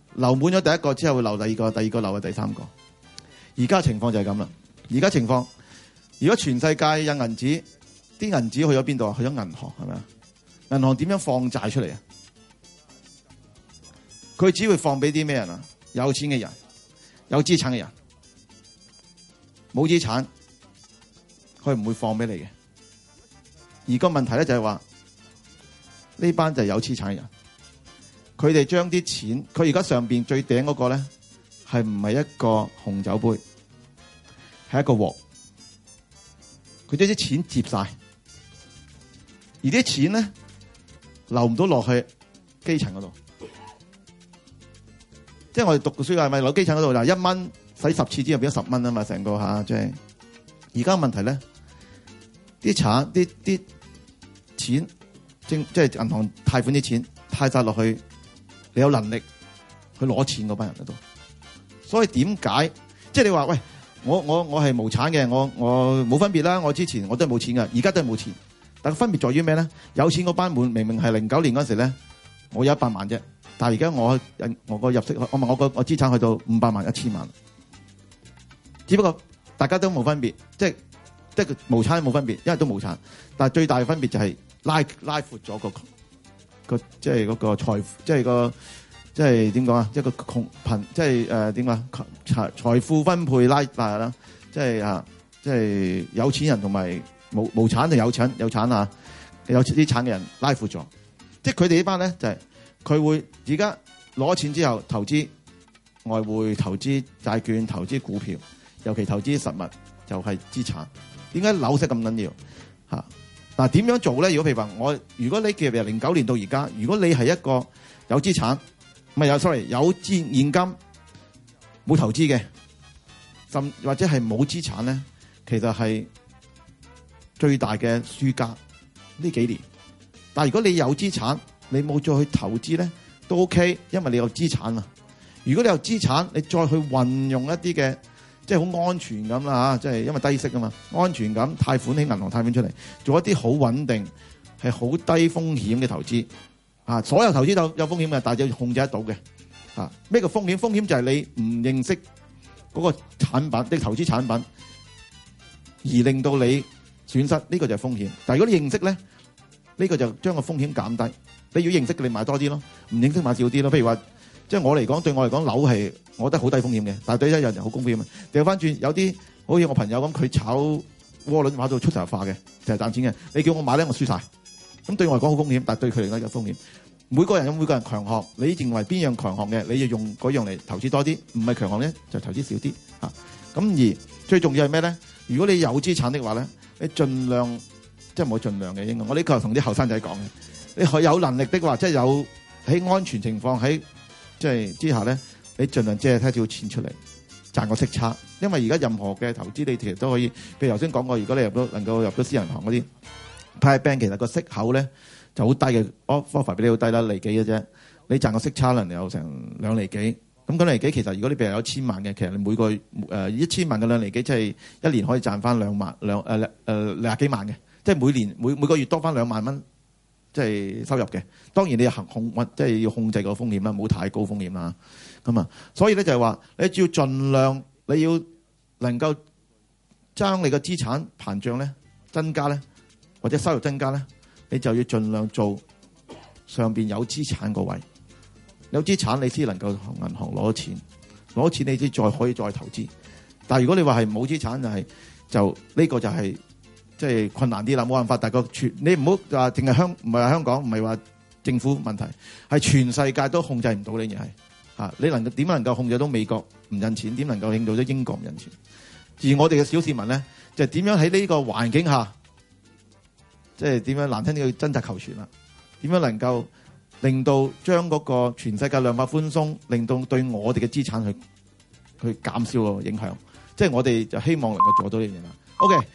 S1: 留滿咗第一個之後會留第二個，第二個留咗第三個。而家情況就係咁啦。而家情況，如果全世界有銀紙，啲銀紙去咗邊度啊？去咗銀行係咪啊？銀行點樣放債出嚟啊？佢只會放俾啲咩人啊？有錢嘅人，有資產嘅人，冇資產，佢唔會放俾你嘅。而個問題咧就係話，呢班就係有資產嘅人。佢哋將啲錢，佢而家上邊最頂嗰個咧，係唔係一個紅酒杯？係一個鑊，佢將啲錢接晒，而啲錢咧流唔到落去基層嗰度，即係我哋讀書係咪流基層嗰度嗱？一蚊使十次之後變咗十蚊啊嘛，成個嚇即係。而家問題咧，啲產啲啲錢，正即係銀行貸款啲錢貸晒落去。你有能力去攞錢嗰班人喺度，所以點解即係你話喂，我我我係無產嘅，我我冇分別啦。我之前我都係冇錢㗎，而家都係冇錢。但係分別在於咩咧？有錢嗰班門明明係零九年嗰陣時咧，我有一百萬啫。但係而家我入我個入息，我問我個我資產去到五百萬一千萬。只不過大家都冇分別，即係即係無產冇分別，因為都無產。但係最大嘅分別就係拉拉闊咗個。個即係嗰個財富，即係、嗰個即係點講啊？一個窮貧，即係點講啊？財富分配拉大啦，即係啊，即係有錢人同埋無，無產就有產有產啊，有啲產嘅人拉富咗。即係佢哋呢班咧，就係、是、佢會而家攞錢之後投資外匯、投資債券、投資股票，尤其投資實物就係、是、資產。點解樓息咁緊要吓？嗱點樣做咧？如果譬如話，我如果你其實零九年到而家，如果你係一個有資產，唔係有 sorry 有現現金冇投資嘅，甚或者係冇資產咧，其實係最大嘅輸家呢幾年。但係如果你有資產，你冇再去投資咧，都 OK，因為你有資產啊。如果你有資產，你再去運用一啲嘅。即係好安全咁啦嚇，即係因為低息啊嘛，安全咁貸款喺銀行貸款出嚟，做一啲好穩定係好低風險嘅投資啊！所有投資都有風險嘅，但係控制得到嘅啊！咩叫風險？風險就係你唔認識嗰個產品，你投資產品而令到你損失，呢個就係風險。但係如果你認識咧，呢個就將個風險減低。你要認識你買多啲咯；唔認識買少啲咯。譬如話，即係我嚟講，對我嚟講，樓係。我都係好低風險嘅，但係對一有人好高風險。掉翻轉，有啲，好似我朋友咁，佢炒窩輪買到出頭化嘅，就係賺錢嘅。你叫我買咧，我輸晒，咁對我嚟講好風險，但係對佢嚟講有風險。每個人有每個人強項，你認為邊樣強項嘅，你就用嗰樣嚟投資多啲，唔係強項咧就投資少啲嚇。咁、啊、而最重要係咩咧？如果你有資產的話咧，你盡量即係冇盡量嘅，應該我呢個係同啲後生仔講嘅。你可有能力的話，即係有喺安全情況喺即係之下咧。你盡量即係睇下攞錢出嚟賺個息差，因為而家任何嘅投資你其實都可以，譬如頭先講過，如果你入到能夠入到私人行嗰啲 private bank，其實個息口咧就好低嘅，off offer 俾你好低啦，釐幾嘅啫。你賺個息差能有成兩釐幾，咁兩釐幾其實如果你譬如有千萬嘅，其實你每個誒、呃、一千萬嘅兩釐幾，即係一年可以賺翻兩萬兩、呃呃、廿幾萬嘅，即係每年每每個月多翻兩萬蚊。即係收入嘅，當然你要控穩，即係要控制個風險啦，冇太高風險啦。咁啊，所以咧就係話，你只要儘量，你要能夠將你個資產膨脹咧、增加咧，或者收入增加咧，你就要儘量做上邊有資產個位。有資產你先能夠同銀行攞錢，攞錢你先再可以再投資。但係如果你話係冇資產，就係就呢個就係、是。即係困難啲啦，冇辦法。但係個全你唔好話，淨係香唔係話香港，唔係話政府問題，係全世界都控制唔到呢嘢係嚇。你能點能夠控制到美國唔印錢？點能夠應到咗英國唔印錢？而我哋嘅小市民咧，就點樣喺呢個環境下，即係點樣難聽啲去掙扎求全啦？點樣能夠令到將嗰個全世界量化寬鬆，令到對我哋嘅資產去去減少個影響？即係我哋就希望能夠做到呢樣嘢啦。O K。